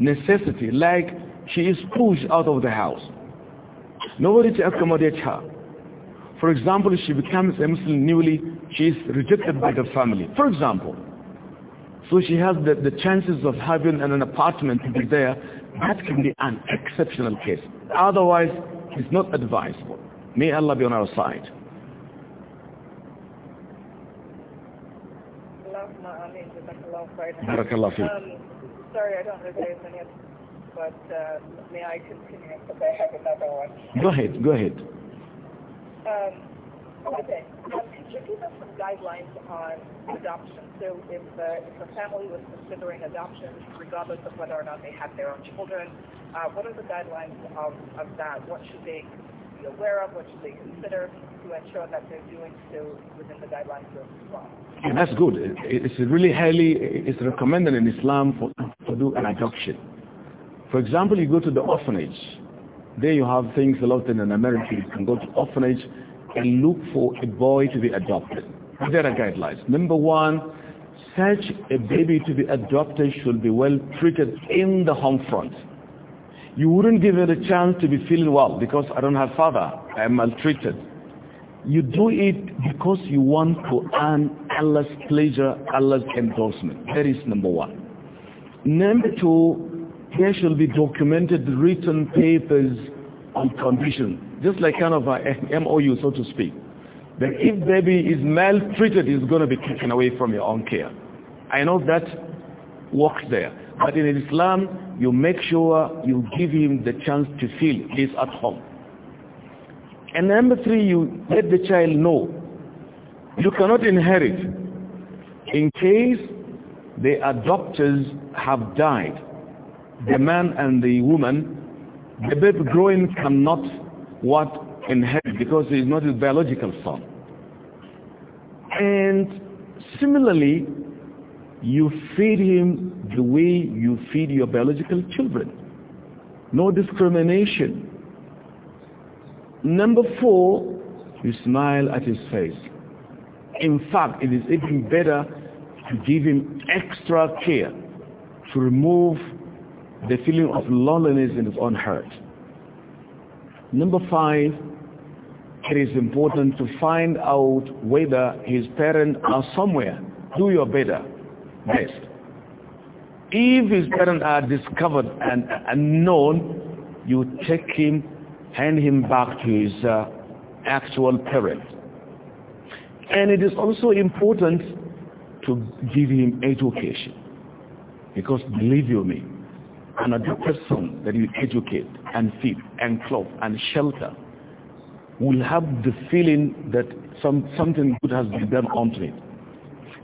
necessity, like she is pushed out of the house. Nobody to accommodate her. For example, she becomes a Muslim newly, she is rejected by the family. For example. So she has the, the chances of having an, an apartment to be there. That can be an exceptional case. Otherwise, it's not advisable. May Allah be on our side. Barakallah um, Sorry, I don't know if any, but uh, may I continue because I have another one. Go ahead, go ahead. Um, okay, um, could you give us some guidelines on adoption? So if, uh, if a family was considering adoption, regardless of whether or not they had their own children, uh, what are the guidelines of, of that? What should they be aware of, what should they consider to ensure that they're doing so within the guidelines of Islam. that's good. It's really highly, it's recommended in Islam for, to do an adoption. For example, you go to the orphanage. There you have things a lot in America. You can go to orphanage and look for a boy to be adopted. There are guidelines. Number one, such a baby to be adopted should be well treated in the home front you wouldn't give it a chance to be feeling well because I don't have father. I am maltreated. You do it because you want to earn Allah's pleasure, Allah's endorsement. That is number one. Number two, there shall be documented written papers on condition, just like kind of a MOU, so to speak. That if baby is maltreated, it's going to be taken away from your own care. I know that Work there. But in Islam, you make sure you give him the chance to feel he's at home. And number three, you let the child know you cannot inherit in case the adopters have died. The man and the woman, the baby growing cannot what inherit because he is not his biological son. And similarly, you feed him the way you feed your biological children. No discrimination. Number four, you smile at his face. In fact, it is even better to give him extra care to remove the feeling of loneliness in his own heart. Number five, it is important to find out whether his parents are somewhere. Do your better Yes. If his parents are discovered and, and known, you take him, hand him back to his uh, actual parent. And it is also important to give him education. Because believe you me, an adopted son that you educate and feed and clothe and shelter will have the feeling that some, something good has been done onto it.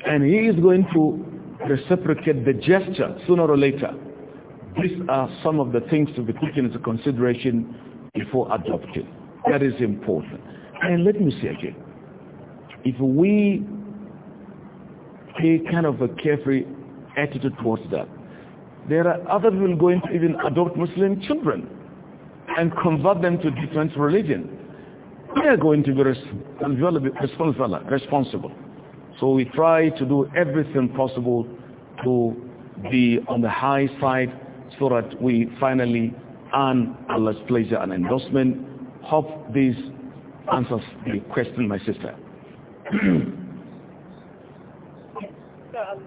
And he is going to reciprocate the gesture sooner or later. These are some of the things to be taken into consideration before adopting. That is important. And let me say again, if we take kind of a carefree attitude towards that, there are others who will go into even adopt Muslim children and convert them to different religion. They are going to be responsible. responsible. So we try to do everything possible to be on the high side so that we finally earn Allah's pleasure and endorsement. Hope this answers the question, my sister.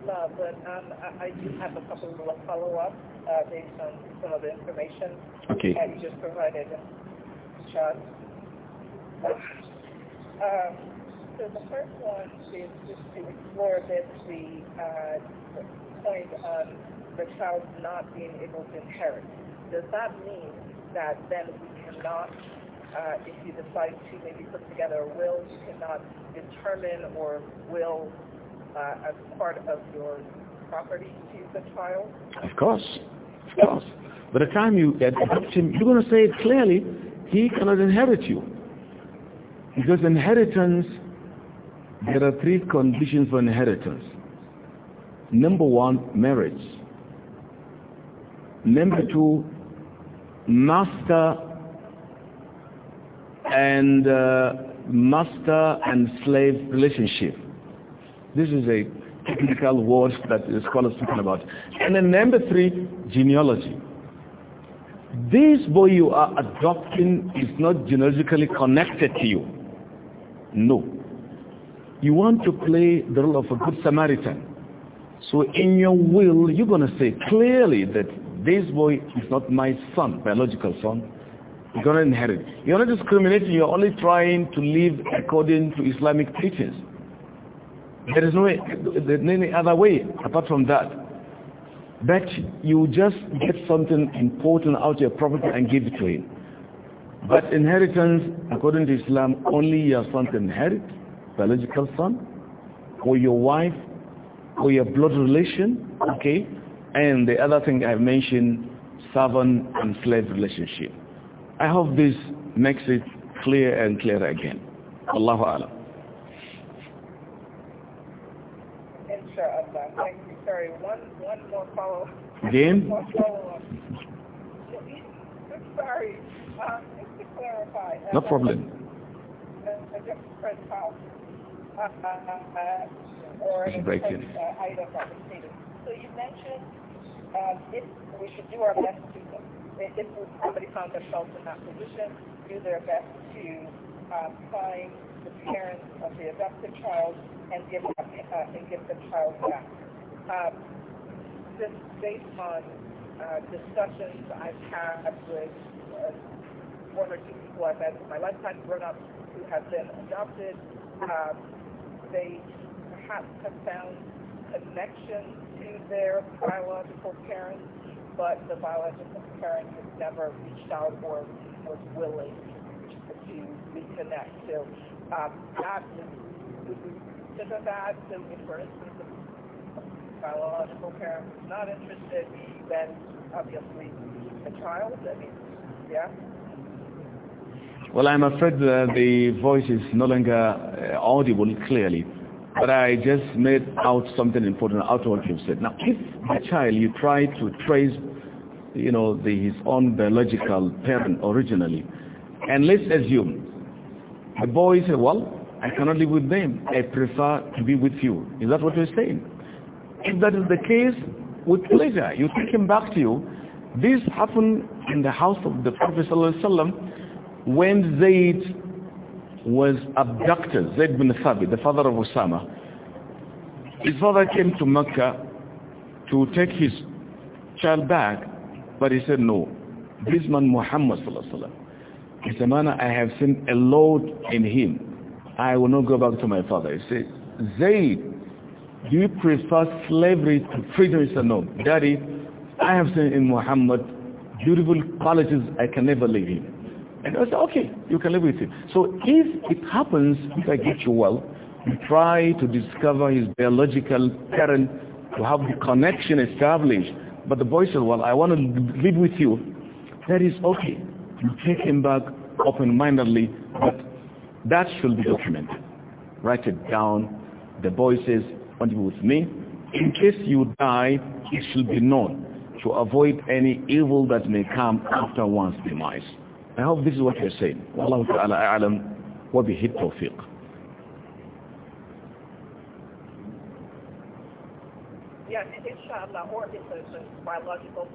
but um, I, do have a couple of follow-ups uh, based on some of the information okay. that you just provided, uh, Sean. Um, so the first one is just to explore a bit the uh, point of the child not being able to inherit. Does that mean that then we cannot, uh, if you decide to maybe put together a will, you cannot determine or will uh, as part of your property to the child? Of course, of course. By the time you adopt him, you're going to say it clearly, he cannot inherit you. Because inheritance there are three conditions for inheritance. Number one, marriage. Number two, master and uh, master and slave relationship. This is a technical word that the scholars talking about. And then number three, genealogy. This boy you are adopting is not genealogically connected to you. No you want to play the role of a good Samaritan. So in your will, you're going to say clearly that this boy is not my son, biological son. You're going to inherit. You're not discriminating. You're only trying to live according to Islamic teachings. There is no way, any other way apart from that. But you just get something important out of your property and give it to him. But inheritance, according to Islam, only your son can inherit biological son or your wife or your blood relation, okay? And the other thing I've mentioned, servant and slave relationship. I hope this makes it clear and clearer again. Allahu Alam. Thank you. Sorry, one, more follow-up. Again? One follow-up. [laughs] Sorry. Uh, just to clarify. No problem. Uh, I just uh, or an expense uh, item So you mentioned um, if we should do our best to, if somebody found themselves in that position, do their best to um, find the parents of the adopted child and give them, uh, and give the child back. Um, this based on uh, discussions I've had with uh, one or two people I've met in my lifetime, grown-ups who have been adopted, um, they perhaps have found connection to their biological parents, but the biological parent has never reached out or was willing to reconnect. So um, that would consider that. So if, for instance, a biological parent is not interested, then obviously the child, I mean, yeah, well, I'm afraid the voice is no longer uh, audible clearly, but I just made out something important out of what you've said. Now, if a child, you try to trace, you know, the, his own biological parent originally, and let's assume a boy said, well, I cannot live with them. I prefer to be with you. Is that what you're saying? If that is the case, with pleasure, you take him back to you. This happened in the house of the Prophet Sallallahu Alaihi Wasallam when Zayd was abducted, Zayd bin Thabit, the father of Osama, his father came to Mecca to take his child back, but he said, no, this man Muhammad is a man I have seen a load in him. I will not go back to my father. He said, Zayd, do you prefer slavery to freedom? He said, no. Daddy, I have seen in Muhammad beautiful qualities I can never leave him. And I said, okay, you can live with it. So if it happens, if I get you well, you try to discover his biological parent to have the connection established. But the boy said, well, I want to live with you. That is okay. You take him back open-mindedly, but that should be documented. Write it down. The boy says, want to be with me? In case you die, it should be known to avoid any evil that may come after one's demise. I hope this is what you're saying. Wallahu ta'ala a'alam wa bihi tawfiq. Yeah, inshallah, or it's a, a biological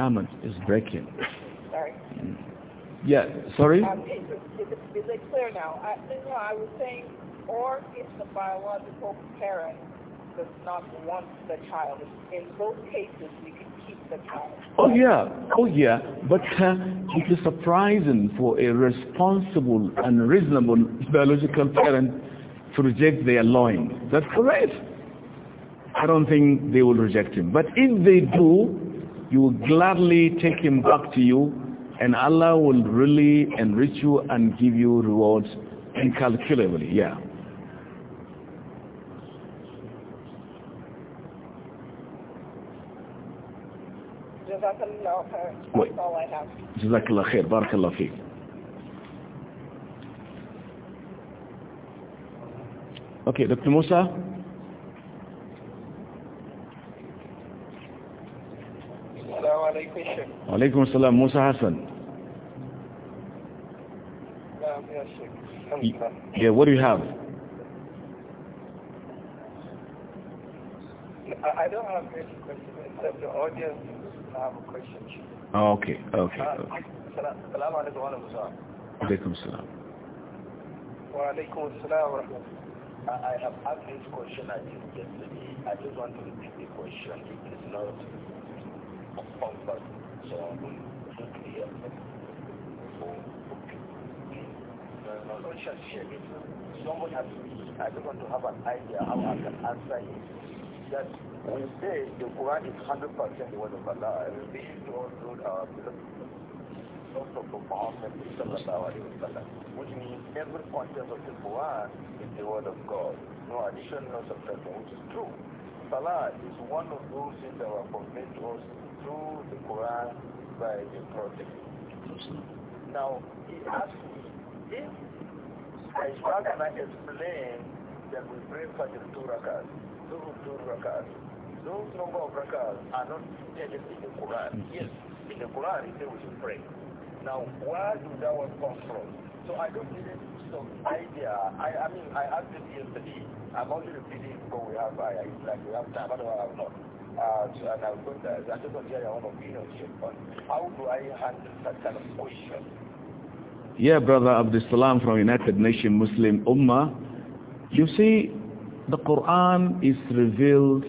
Amen is breaking. Sorry. Yeah, sorry? Um, is, it, is, it, is it clear now? I, no, I was saying, or it's a biological parent does not want the child. In both cases, you can keep the child. Oh yeah, oh yeah, but uh, it is surprising for a responsible and reasonable biological parent to reject their loin. That's correct. I don't think they will reject him. But if they do, you will gladly take him back to you and Allah will really enrich you and give you rewards incalculably. Yeah. offer. Oui. That's all I have. Jazakallah khair. Barakallah fiqh. Okay, Dr. Musa. عليكم السلام موسى حسن نعم يا شيخ Yeah, what do you have? I don't have any questions except the audience I have a question. okay, okay, uh, okay. Salam alaikum wa Alaikum salam. Wa alaikum salam uh, I have asked this question I think yesterday. I just want to repeat the question. It is not comfort, so I'm going to clear Someone has, I just want to have an idea how I can answer it. Just we say the Quran is 100% the word of Allah and we should also uh, source of Muhammad sallallahu alayhi wa sallam, which means every content of the Quran is the word of God. No addition, no subtraction, which is true. Salah is one of those things that were conveyed to us through the Quran by the Prophet. Now, he asked me, if I how can I explain that we pray for the two rakas, two, two rakas, those number of rakahs are not stated in the Quran. Yes, in the Quran it says we should Now, where do that one come from? So I don't even some idea. I, I mean, I asked it yesterday. I'm only repeating what we have. I, it's like we have time, otherwise I have not. Uh, so, and I'm going to, I just want to hear your own opinion on how do I handle that kind of question? Yeah, brother Abdul Salam from United Nations Muslim Ummah. You see, the Quran is revealed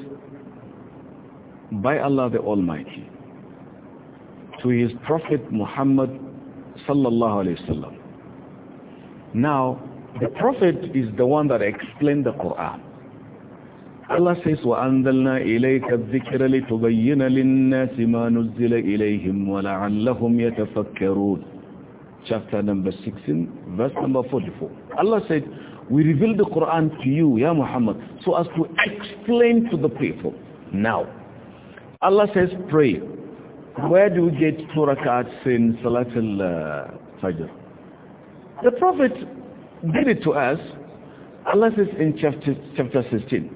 by Allah the Almighty to his Prophet Muhammad sallallahu alayhi wasallam. Now, the Prophet is the one that explained the Quran. Allah says, وَأَنزَلْنَا إِلَيْكَ الذِّكْرَ لِتُبَيِّنَ لِلنَّاسِ مَا نُزِّلَ إِلَيْهِمْ وَلَعَلَّهُمْ يَتَفَكَّرُونَ Chapter number 16, verse number 44. Allah said, we revealed the Quran to you, Ya Muhammad, so as to explain to the people. Now, Allah says pray. Where do we get two rakats in Salatul uh, Fajr? The Prophet did it to us. Allah says in chapter, chapter 16,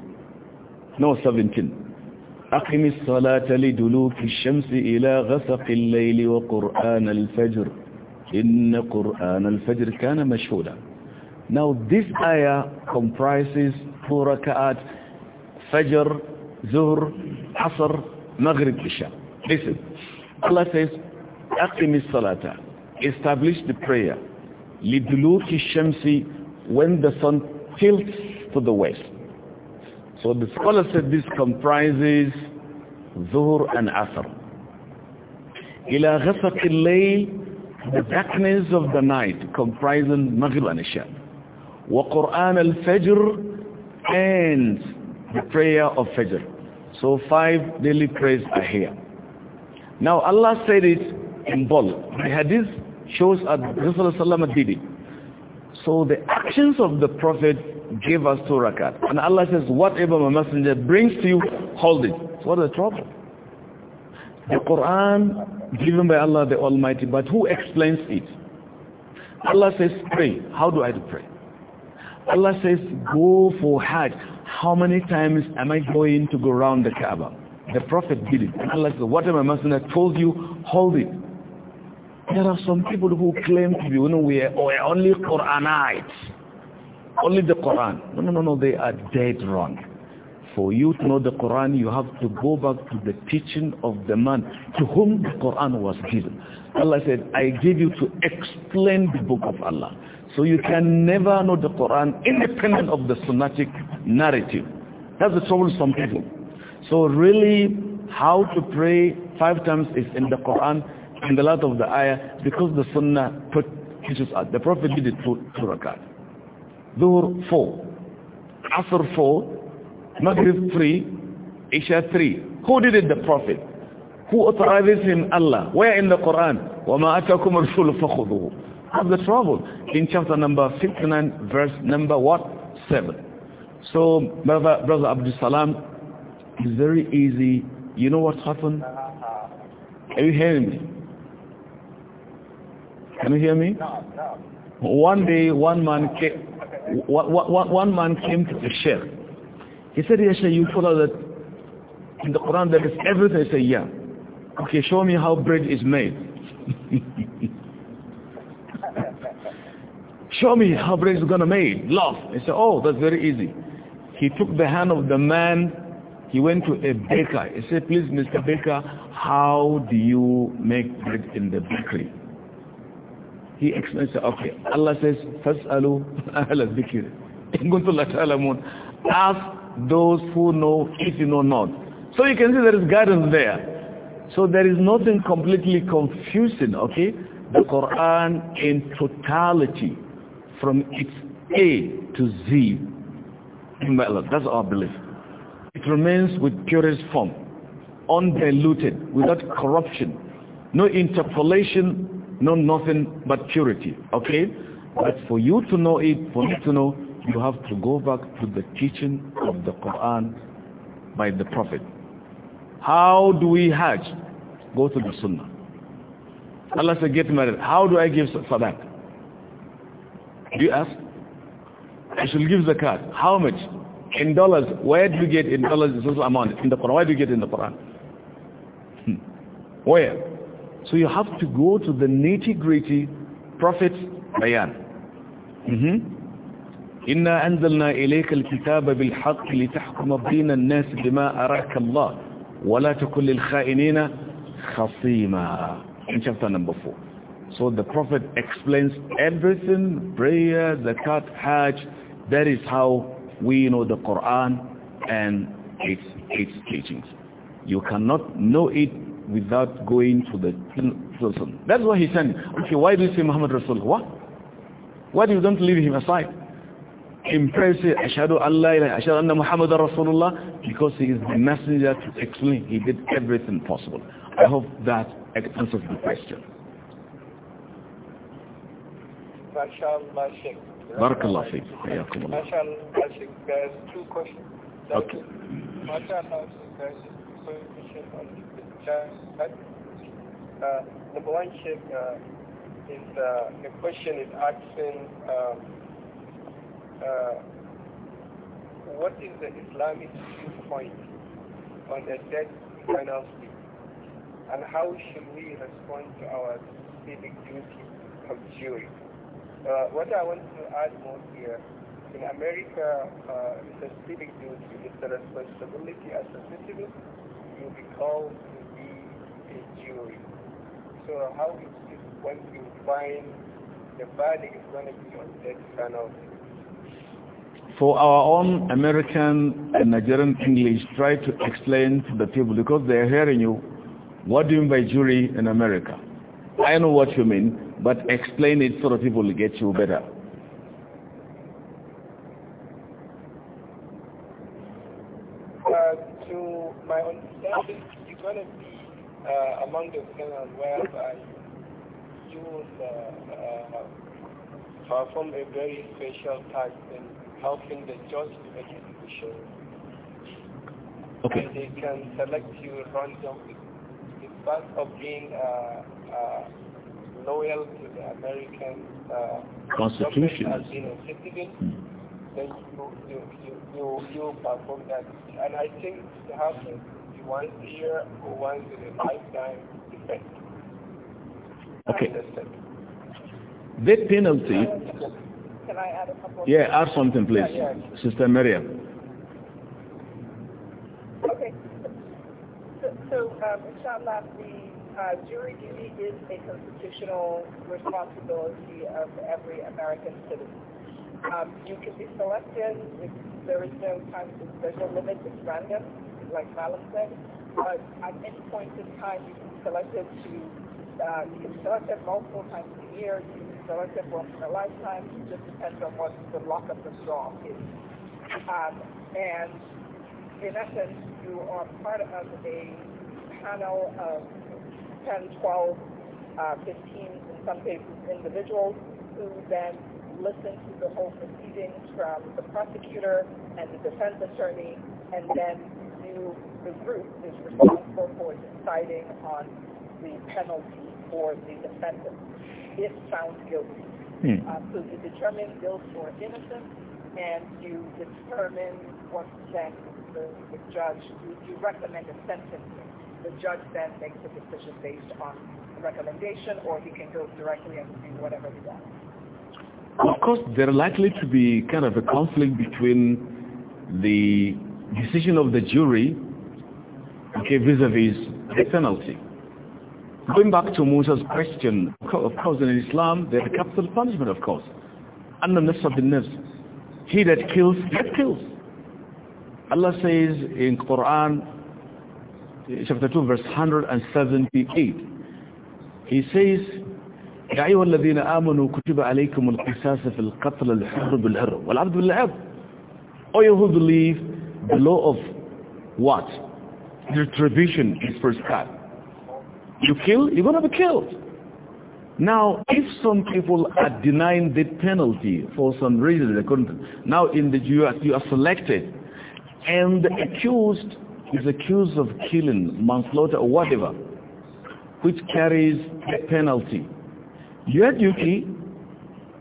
no 17. أقم الصلاة لدلوك الشمس إلى غسق الليل وقرآن الفجر إن قرآن الفجر كان مشهودا Now this ayah comprises two rakat, Fajr, Zuhr, Asr, Maghrib Isha. Listen, Allah says, أقم Salata. Establish the prayer. لدلوك shamsī, When the sun tilts to the west. So the scholar said this comprises Zuhr and Asr. Ilā غسق الليل The darkness of the night comprising Maghrib and Isha. al al-Fajr and the prayer of Fajr. So five daily prayers are here. Now Allah said it in bold. The hadith shows that Rasulullah did it. So the actions of the Prophet gave us two rakat. And Allah says, whatever my messenger brings to you, hold it. So what is the trouble? The Quran given by Allah the Almighty, but who explains it? Allah says, pray. How do I pray? Allah says, go for Hajj how many times am I going to go round the Kaaba? The Prophet did it. And Allah said, whatever messenger told you, hold it. There are some people who claim to be, you know, we are, oh, we are only Quranites. Only the Quran. No, no, no, no, they are dead wrong. For you to know the Quran, you have to go back to the teaching of the man to whom the Quran was given. Allah said, I gave you to explain the book of Allah. So you can never know the Quran independent of the Sunnatic narrative. That's the trouble some people. So really, how to pray five times is in the Quran, in the light of the ayah, because the Sunnah put, teaches us. The Prophet did it two, two rakat. Dhuhr, four. Asr, four. Maghrib, three. Isha, three. Who did it? The Prophet. Who authorizes him? Allah. Where in the Quran? وَمَا أَتَكُمْ الرَّسُولُ فَخُذُوهُ have the trouble in chapter number 59 verse number what 7 so brother brother Abdul Salam it's very easy you know what happened are you hearing me can you hear me one day one man came One man came to the sheikh he said yes sir, you follow that in the Quran there is everything I say yeah okay show me how bread is made [laughs] Show me how bread is going to made. Love. He said, oh, that's very easy. He took the hand of the man. He went to a baker. He said, please, Mr. Baker, how do you make bread in the bakery? He explained, okay, Allah says, فَاسْأَلُوا أَهْلَ الذِّكِرِ إِن كُنْتُ لَا تَعْلَمُونَ Ask those who know if you know not. So you can see there is guidance there. So there is nothing completely confusing, okay? the Quran in totality from its A to Z. That's our belief. It remains with purest form, undiluted, without corruption, no interpolation, no nothing but purity. Okay? But for you to know it, for me to know, you have to go back to the teaching of the Quran by the Prophet. How do we Hajj? Go to the Sunnah. Allah said, get married. How do I give sadaq? Do you ask? I shall give zakat. How much? In dollars. Where do you get in dollars this amount? In the Quran. Where do you get in the Quran? Hmm. Where? So you have to go to the nitty-gritty prophet bayan. Mm -hmm. إنا أنزلنا إليك الكتاب بالحق لتحكم بين الناس بما أراك الله ولا تكن للخائنين خصيما in chapter number 4. So the Prophet explains everything, prayer, the cut, hajj. That is how we know the Quran and its, its teachings. You cannot know it without going to the person. That's why he said, okay, why do you say Muhammad Rasul? What? Why do you don't leave him aside? Impress it, Ashadu Allah, Ashadu Anna Muhammad Rasulullah, because he is the messenger to explain. He did everything possible. I hope that answers the question. Barakallah, Sheikh. Sheikh. There's two questions. okay. the uh, Sheikh, uh, is uh, the question is asking um, uh, what is the Islamic viewpoint on the death penalty and how should we respond to our civic duty of jury? Uh, what I want to add more here, in America, uh, it's a civic duty, it's a responsibility as a citizen, you'll be called to be a jury. So how is it when you find the verdict is going to be on death channel? for our own American and Nigerian English, try to explain to the people because they are hearing you. What do you mean by jury in America? I know what you mean, but explain it so that people get you better. Uh, to my understanding, you're going to be uh, among the panel whereby you will uh, uh, perform a very special task in helping the judge to make a decision. Okay. And they can select you randomly fact of being uh, uh, loyal to the American uh, Constitution as citizen, mm. then you, you, you, you, you perform that. And I think it happens once a year or once in a lifetime Okay. The penalty. Can I add a couple Yeah, add something, please. Yeah, yeah. Sister Miriam. So, um, inshallah, the uh, jury duty is a constitutional responsibility of every American citizen. Um, you can be selected. If there is no time, there's no limit. It's random, like Malik said. But at any point in time, you can be selected to. Uh, you can be selected multiple times a year. You can be selected once in a lifetime. It just depends on what the luck of the draw is. Um, and in essence, you are part of a panel of 10, 12, uh, 15, in some cases individuals, who then listen to the whole proceedings from the prosecutor and the defense attorney, and then you, the group is responsible for deciding on the penalty for the defendant if found guilty. Hmm. Uh, so you determine guilt or innocence, and you determine what then the, the judge, you, you recommend a sentence the judge then makes a decision based on a recommendation or he can go directly and, do whatever he wants. Of course, there are likely to be kind of a conflict between the decision of the jury okay, vis-a-vis the penalty. Going back to Musa's question, of course in Islam there is capital punishment of course. And the nafs of the nafs. He that kills, that kills. Allah says in Quran, chapter 2, verse 178. He says, يا أيها الذين آمنوا كتب عليكم الْقِسَاسَ في القتل الحر بالحر والعبد بالعبد All you who believe the law of what? Retribution is cut. You kill, you're going to be killed. Now, if some people are denying the penalty for some reason, they couldn't. Now, in the you are, you are selected and accused is accused of killing, manslaughter, or whatever, which carries a penalty. Your duty,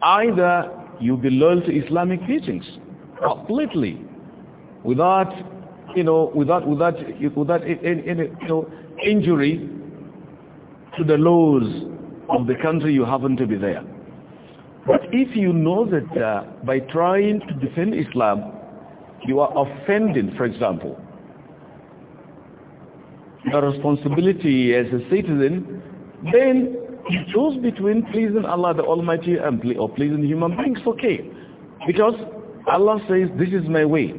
either you be loyal to Islamic teachings completely, without, you know, without, without, without any, any you know, injury to the laws of the country you happen to be there. But if you know that uh, by trying to defend Islam, you are offending, for example, a responsibility as a citizen, then you choose between pleasing Allah the Almighty and ple or pleasing human beings, okay. Because Allah says, this is my way.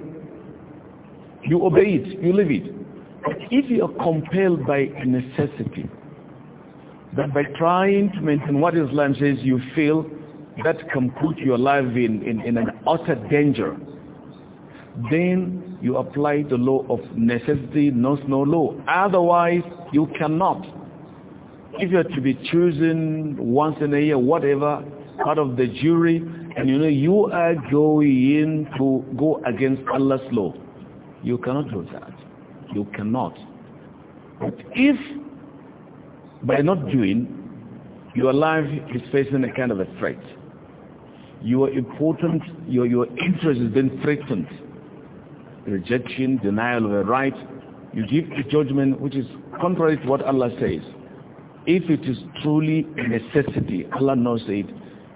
You obey it, you live it. But if you are compelled by necessity, that by trying to maintain what Islam says you feel, that can put your life in, in, in an utter danger, then you apply the law of necessity, no no law. Otherwise, you cannot. If you are to be chosen once in a year, whatever, part of the jury, and you know you are going to go against Allah's law, you cannot do that. You cannot. But if by not doing, your life is facing a kind of a threat. Your important, your, your interest is being threatened rejection, denial of a right, you give a judgment which is contrary to what Allah says. If it is truly a necessity, Allah knows it,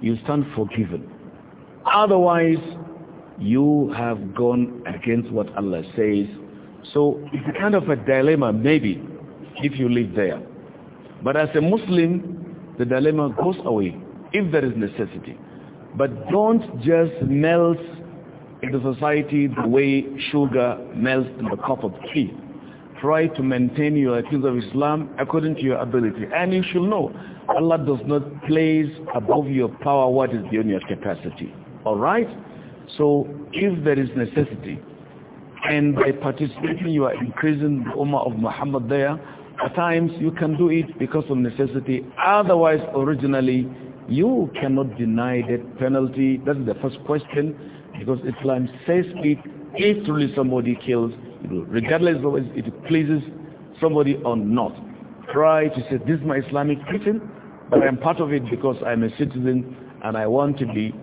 you stand forgiven. Otherwise, you have gone against what Allah says. So it's kind of a dilemma, maybe, if you live there. But as a Muslim, the dilemma goes away if there is necessity. But don't just melt in the society the way sugar melts in the cup of tea. Try to maintain your things of Islam according to your ability. And you should know, Allah does not place above your power what is beyond your capacity. Alright? So if there is necessity, and by participating you are increasing the Ummah of Muhammad there, at times you can do it because of necessity. Otherwise, originally, you cannot deny that penalty. That's the first question because Islam says it, if truly somebody kills, regardless of whether it pleases somebody or not, try to say, this is my Islamic religion, but I'm part of it because I'm a citizen and I want to be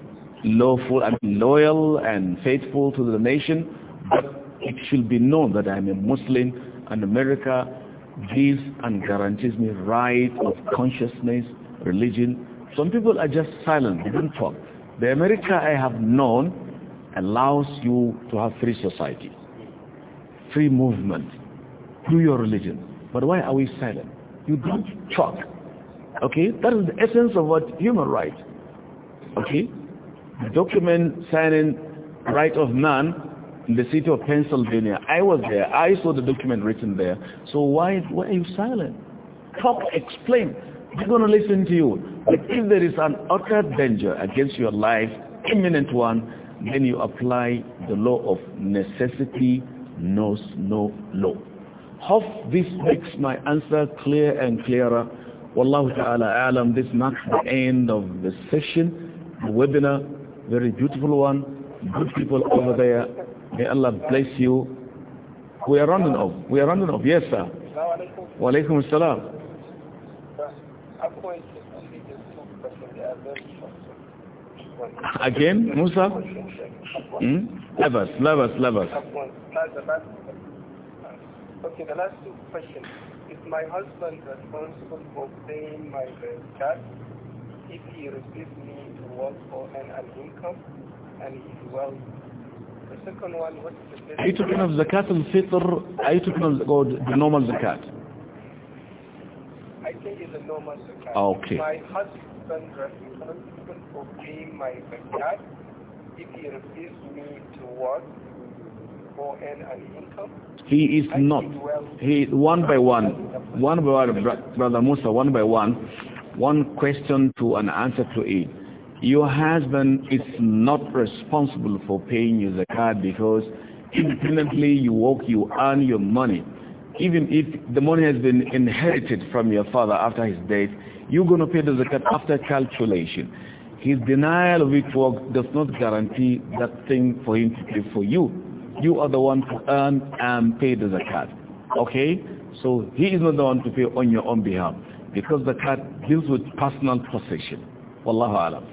lawful and loyal and faithful to the nation, but it should be known that I'm a Muslim and America gives and guarantees me right of consciousness, religion. Some people are just silent, they don't talk. The America I have known allows you to have free society, free movement, do your religion. But why are we silent? You don't talk. Okay? That is the essence of what human rights. Okay? Document signing right of man in the city of Pennsylvania. I was there. I saw the document written there. So why, why are you silent? Talk, explain. They're going to listen to you. But if there is an utter danger against your life, imminent one, then you apply the law of necessity knows no law. Hope this makes my answer clear and clearer. Wallahu ta'ala alam, this marks the end of the session, the webinar, very beautiful one, good people over there. May Allah bless you. We are running off. We are running off. Yes, sir. Wa alaikum assalam. Again, Musa? Hmm? us, love us. Okay, the last two questions. Is my husband responsible for paying my debt if he receives me to work for an, an income and he's well. The second one, what's the... Are you talking of zakat and fitr Are you talking of the, the normal zakat? I think it's a normal zakat. Ah, okay. My husband for paying my zakat if he refuses me to work for an, income? He is I not. He one by one, one by one, brother Musa, one by one, one question to an answer to it. Your husband is not responsible for paying your zakat because independently you work, you earn your money. Even if the money has been inherited from your father after his death, you're going to pay the zakat after calculation. His denial of it work does not guarantee that thing for him to pay for you. You are the one to earn and pay the zakat. Okay? So he is not the one to pay on your own behalf because the card deals with personal possession. Wallahu alam.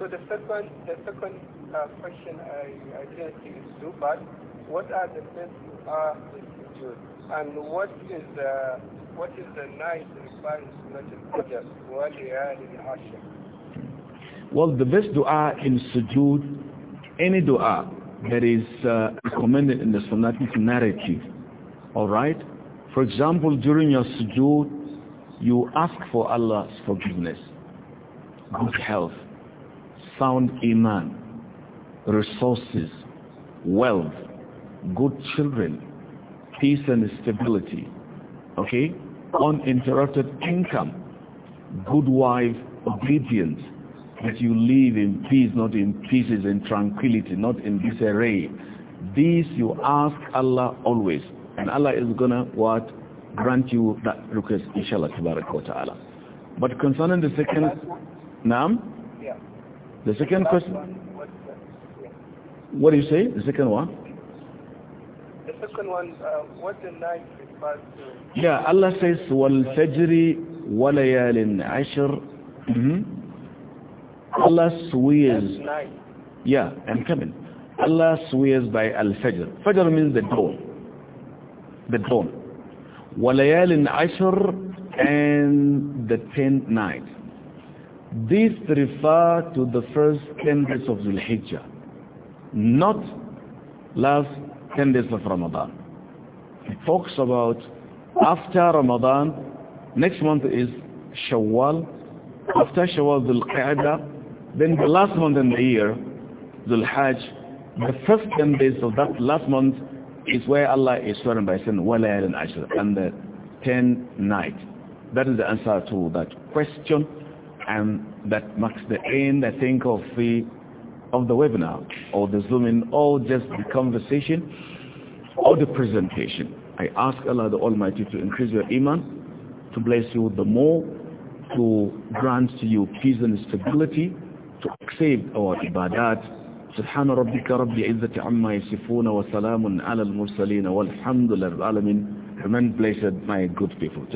So the second, the second uh, question I, didn't see is Zubat. What are the best uh, and what is the uh, What is the night requiring Sunnah al-Qadr wa liyali al-Ashr? Well, the best dua in sujood, any dua that is uh, recommended in the Sunnatic narrative, all right? For example, during your sujood, you ask for Allah's forgiveness, good health, sound iman, resources, wealth, good children, peace and stability, okay, uninterrupted income, good wife, obedience, that you live in peace, not in pieces, in tranquility, not in disarray. This you ask Allah always. And Allah is gonna what? Grant you that request, inshallah, ta'ala. But concerning the second, Nam, Yeah. The second question. Uh, what do you say? The second one? The second one, uh, what the ninth yeah, Allah says, وَالْفَجْرِ وَلَيَالٍ عَشْرٍ mm -hmm. Allah swears. Yeah, I'm coming. Allah swears by Al-Fajr. Fajr means the dawn. The dawn. وَلَيَالٍ عَشْرٍ and the tenth night. This refer to the first ten days of Zulhijjah. not last ten days of Ramadan talks about after Ramadan, next month is Shawwal, after Shawwal Dhul Qa'dah, then the last month in the year, Dhul Hajj, the first 10 days of that last month is where Allah is swearing by saying, وَلَيَلٍ عَشْرٍ and the 10 night. That is the answer to that question and that marks the end, I think, of the of the webinar or the Zoom in or just the conversation or the presentation. I ask Allah the Almighty to increase your iman, to bless you the more, to grant to you peace and stability, to accept our ibadat. سبحان ربك رب العزة عما يصفون وسلام على المرسلين والحمد لله العالمين. Remain blessed, my good people.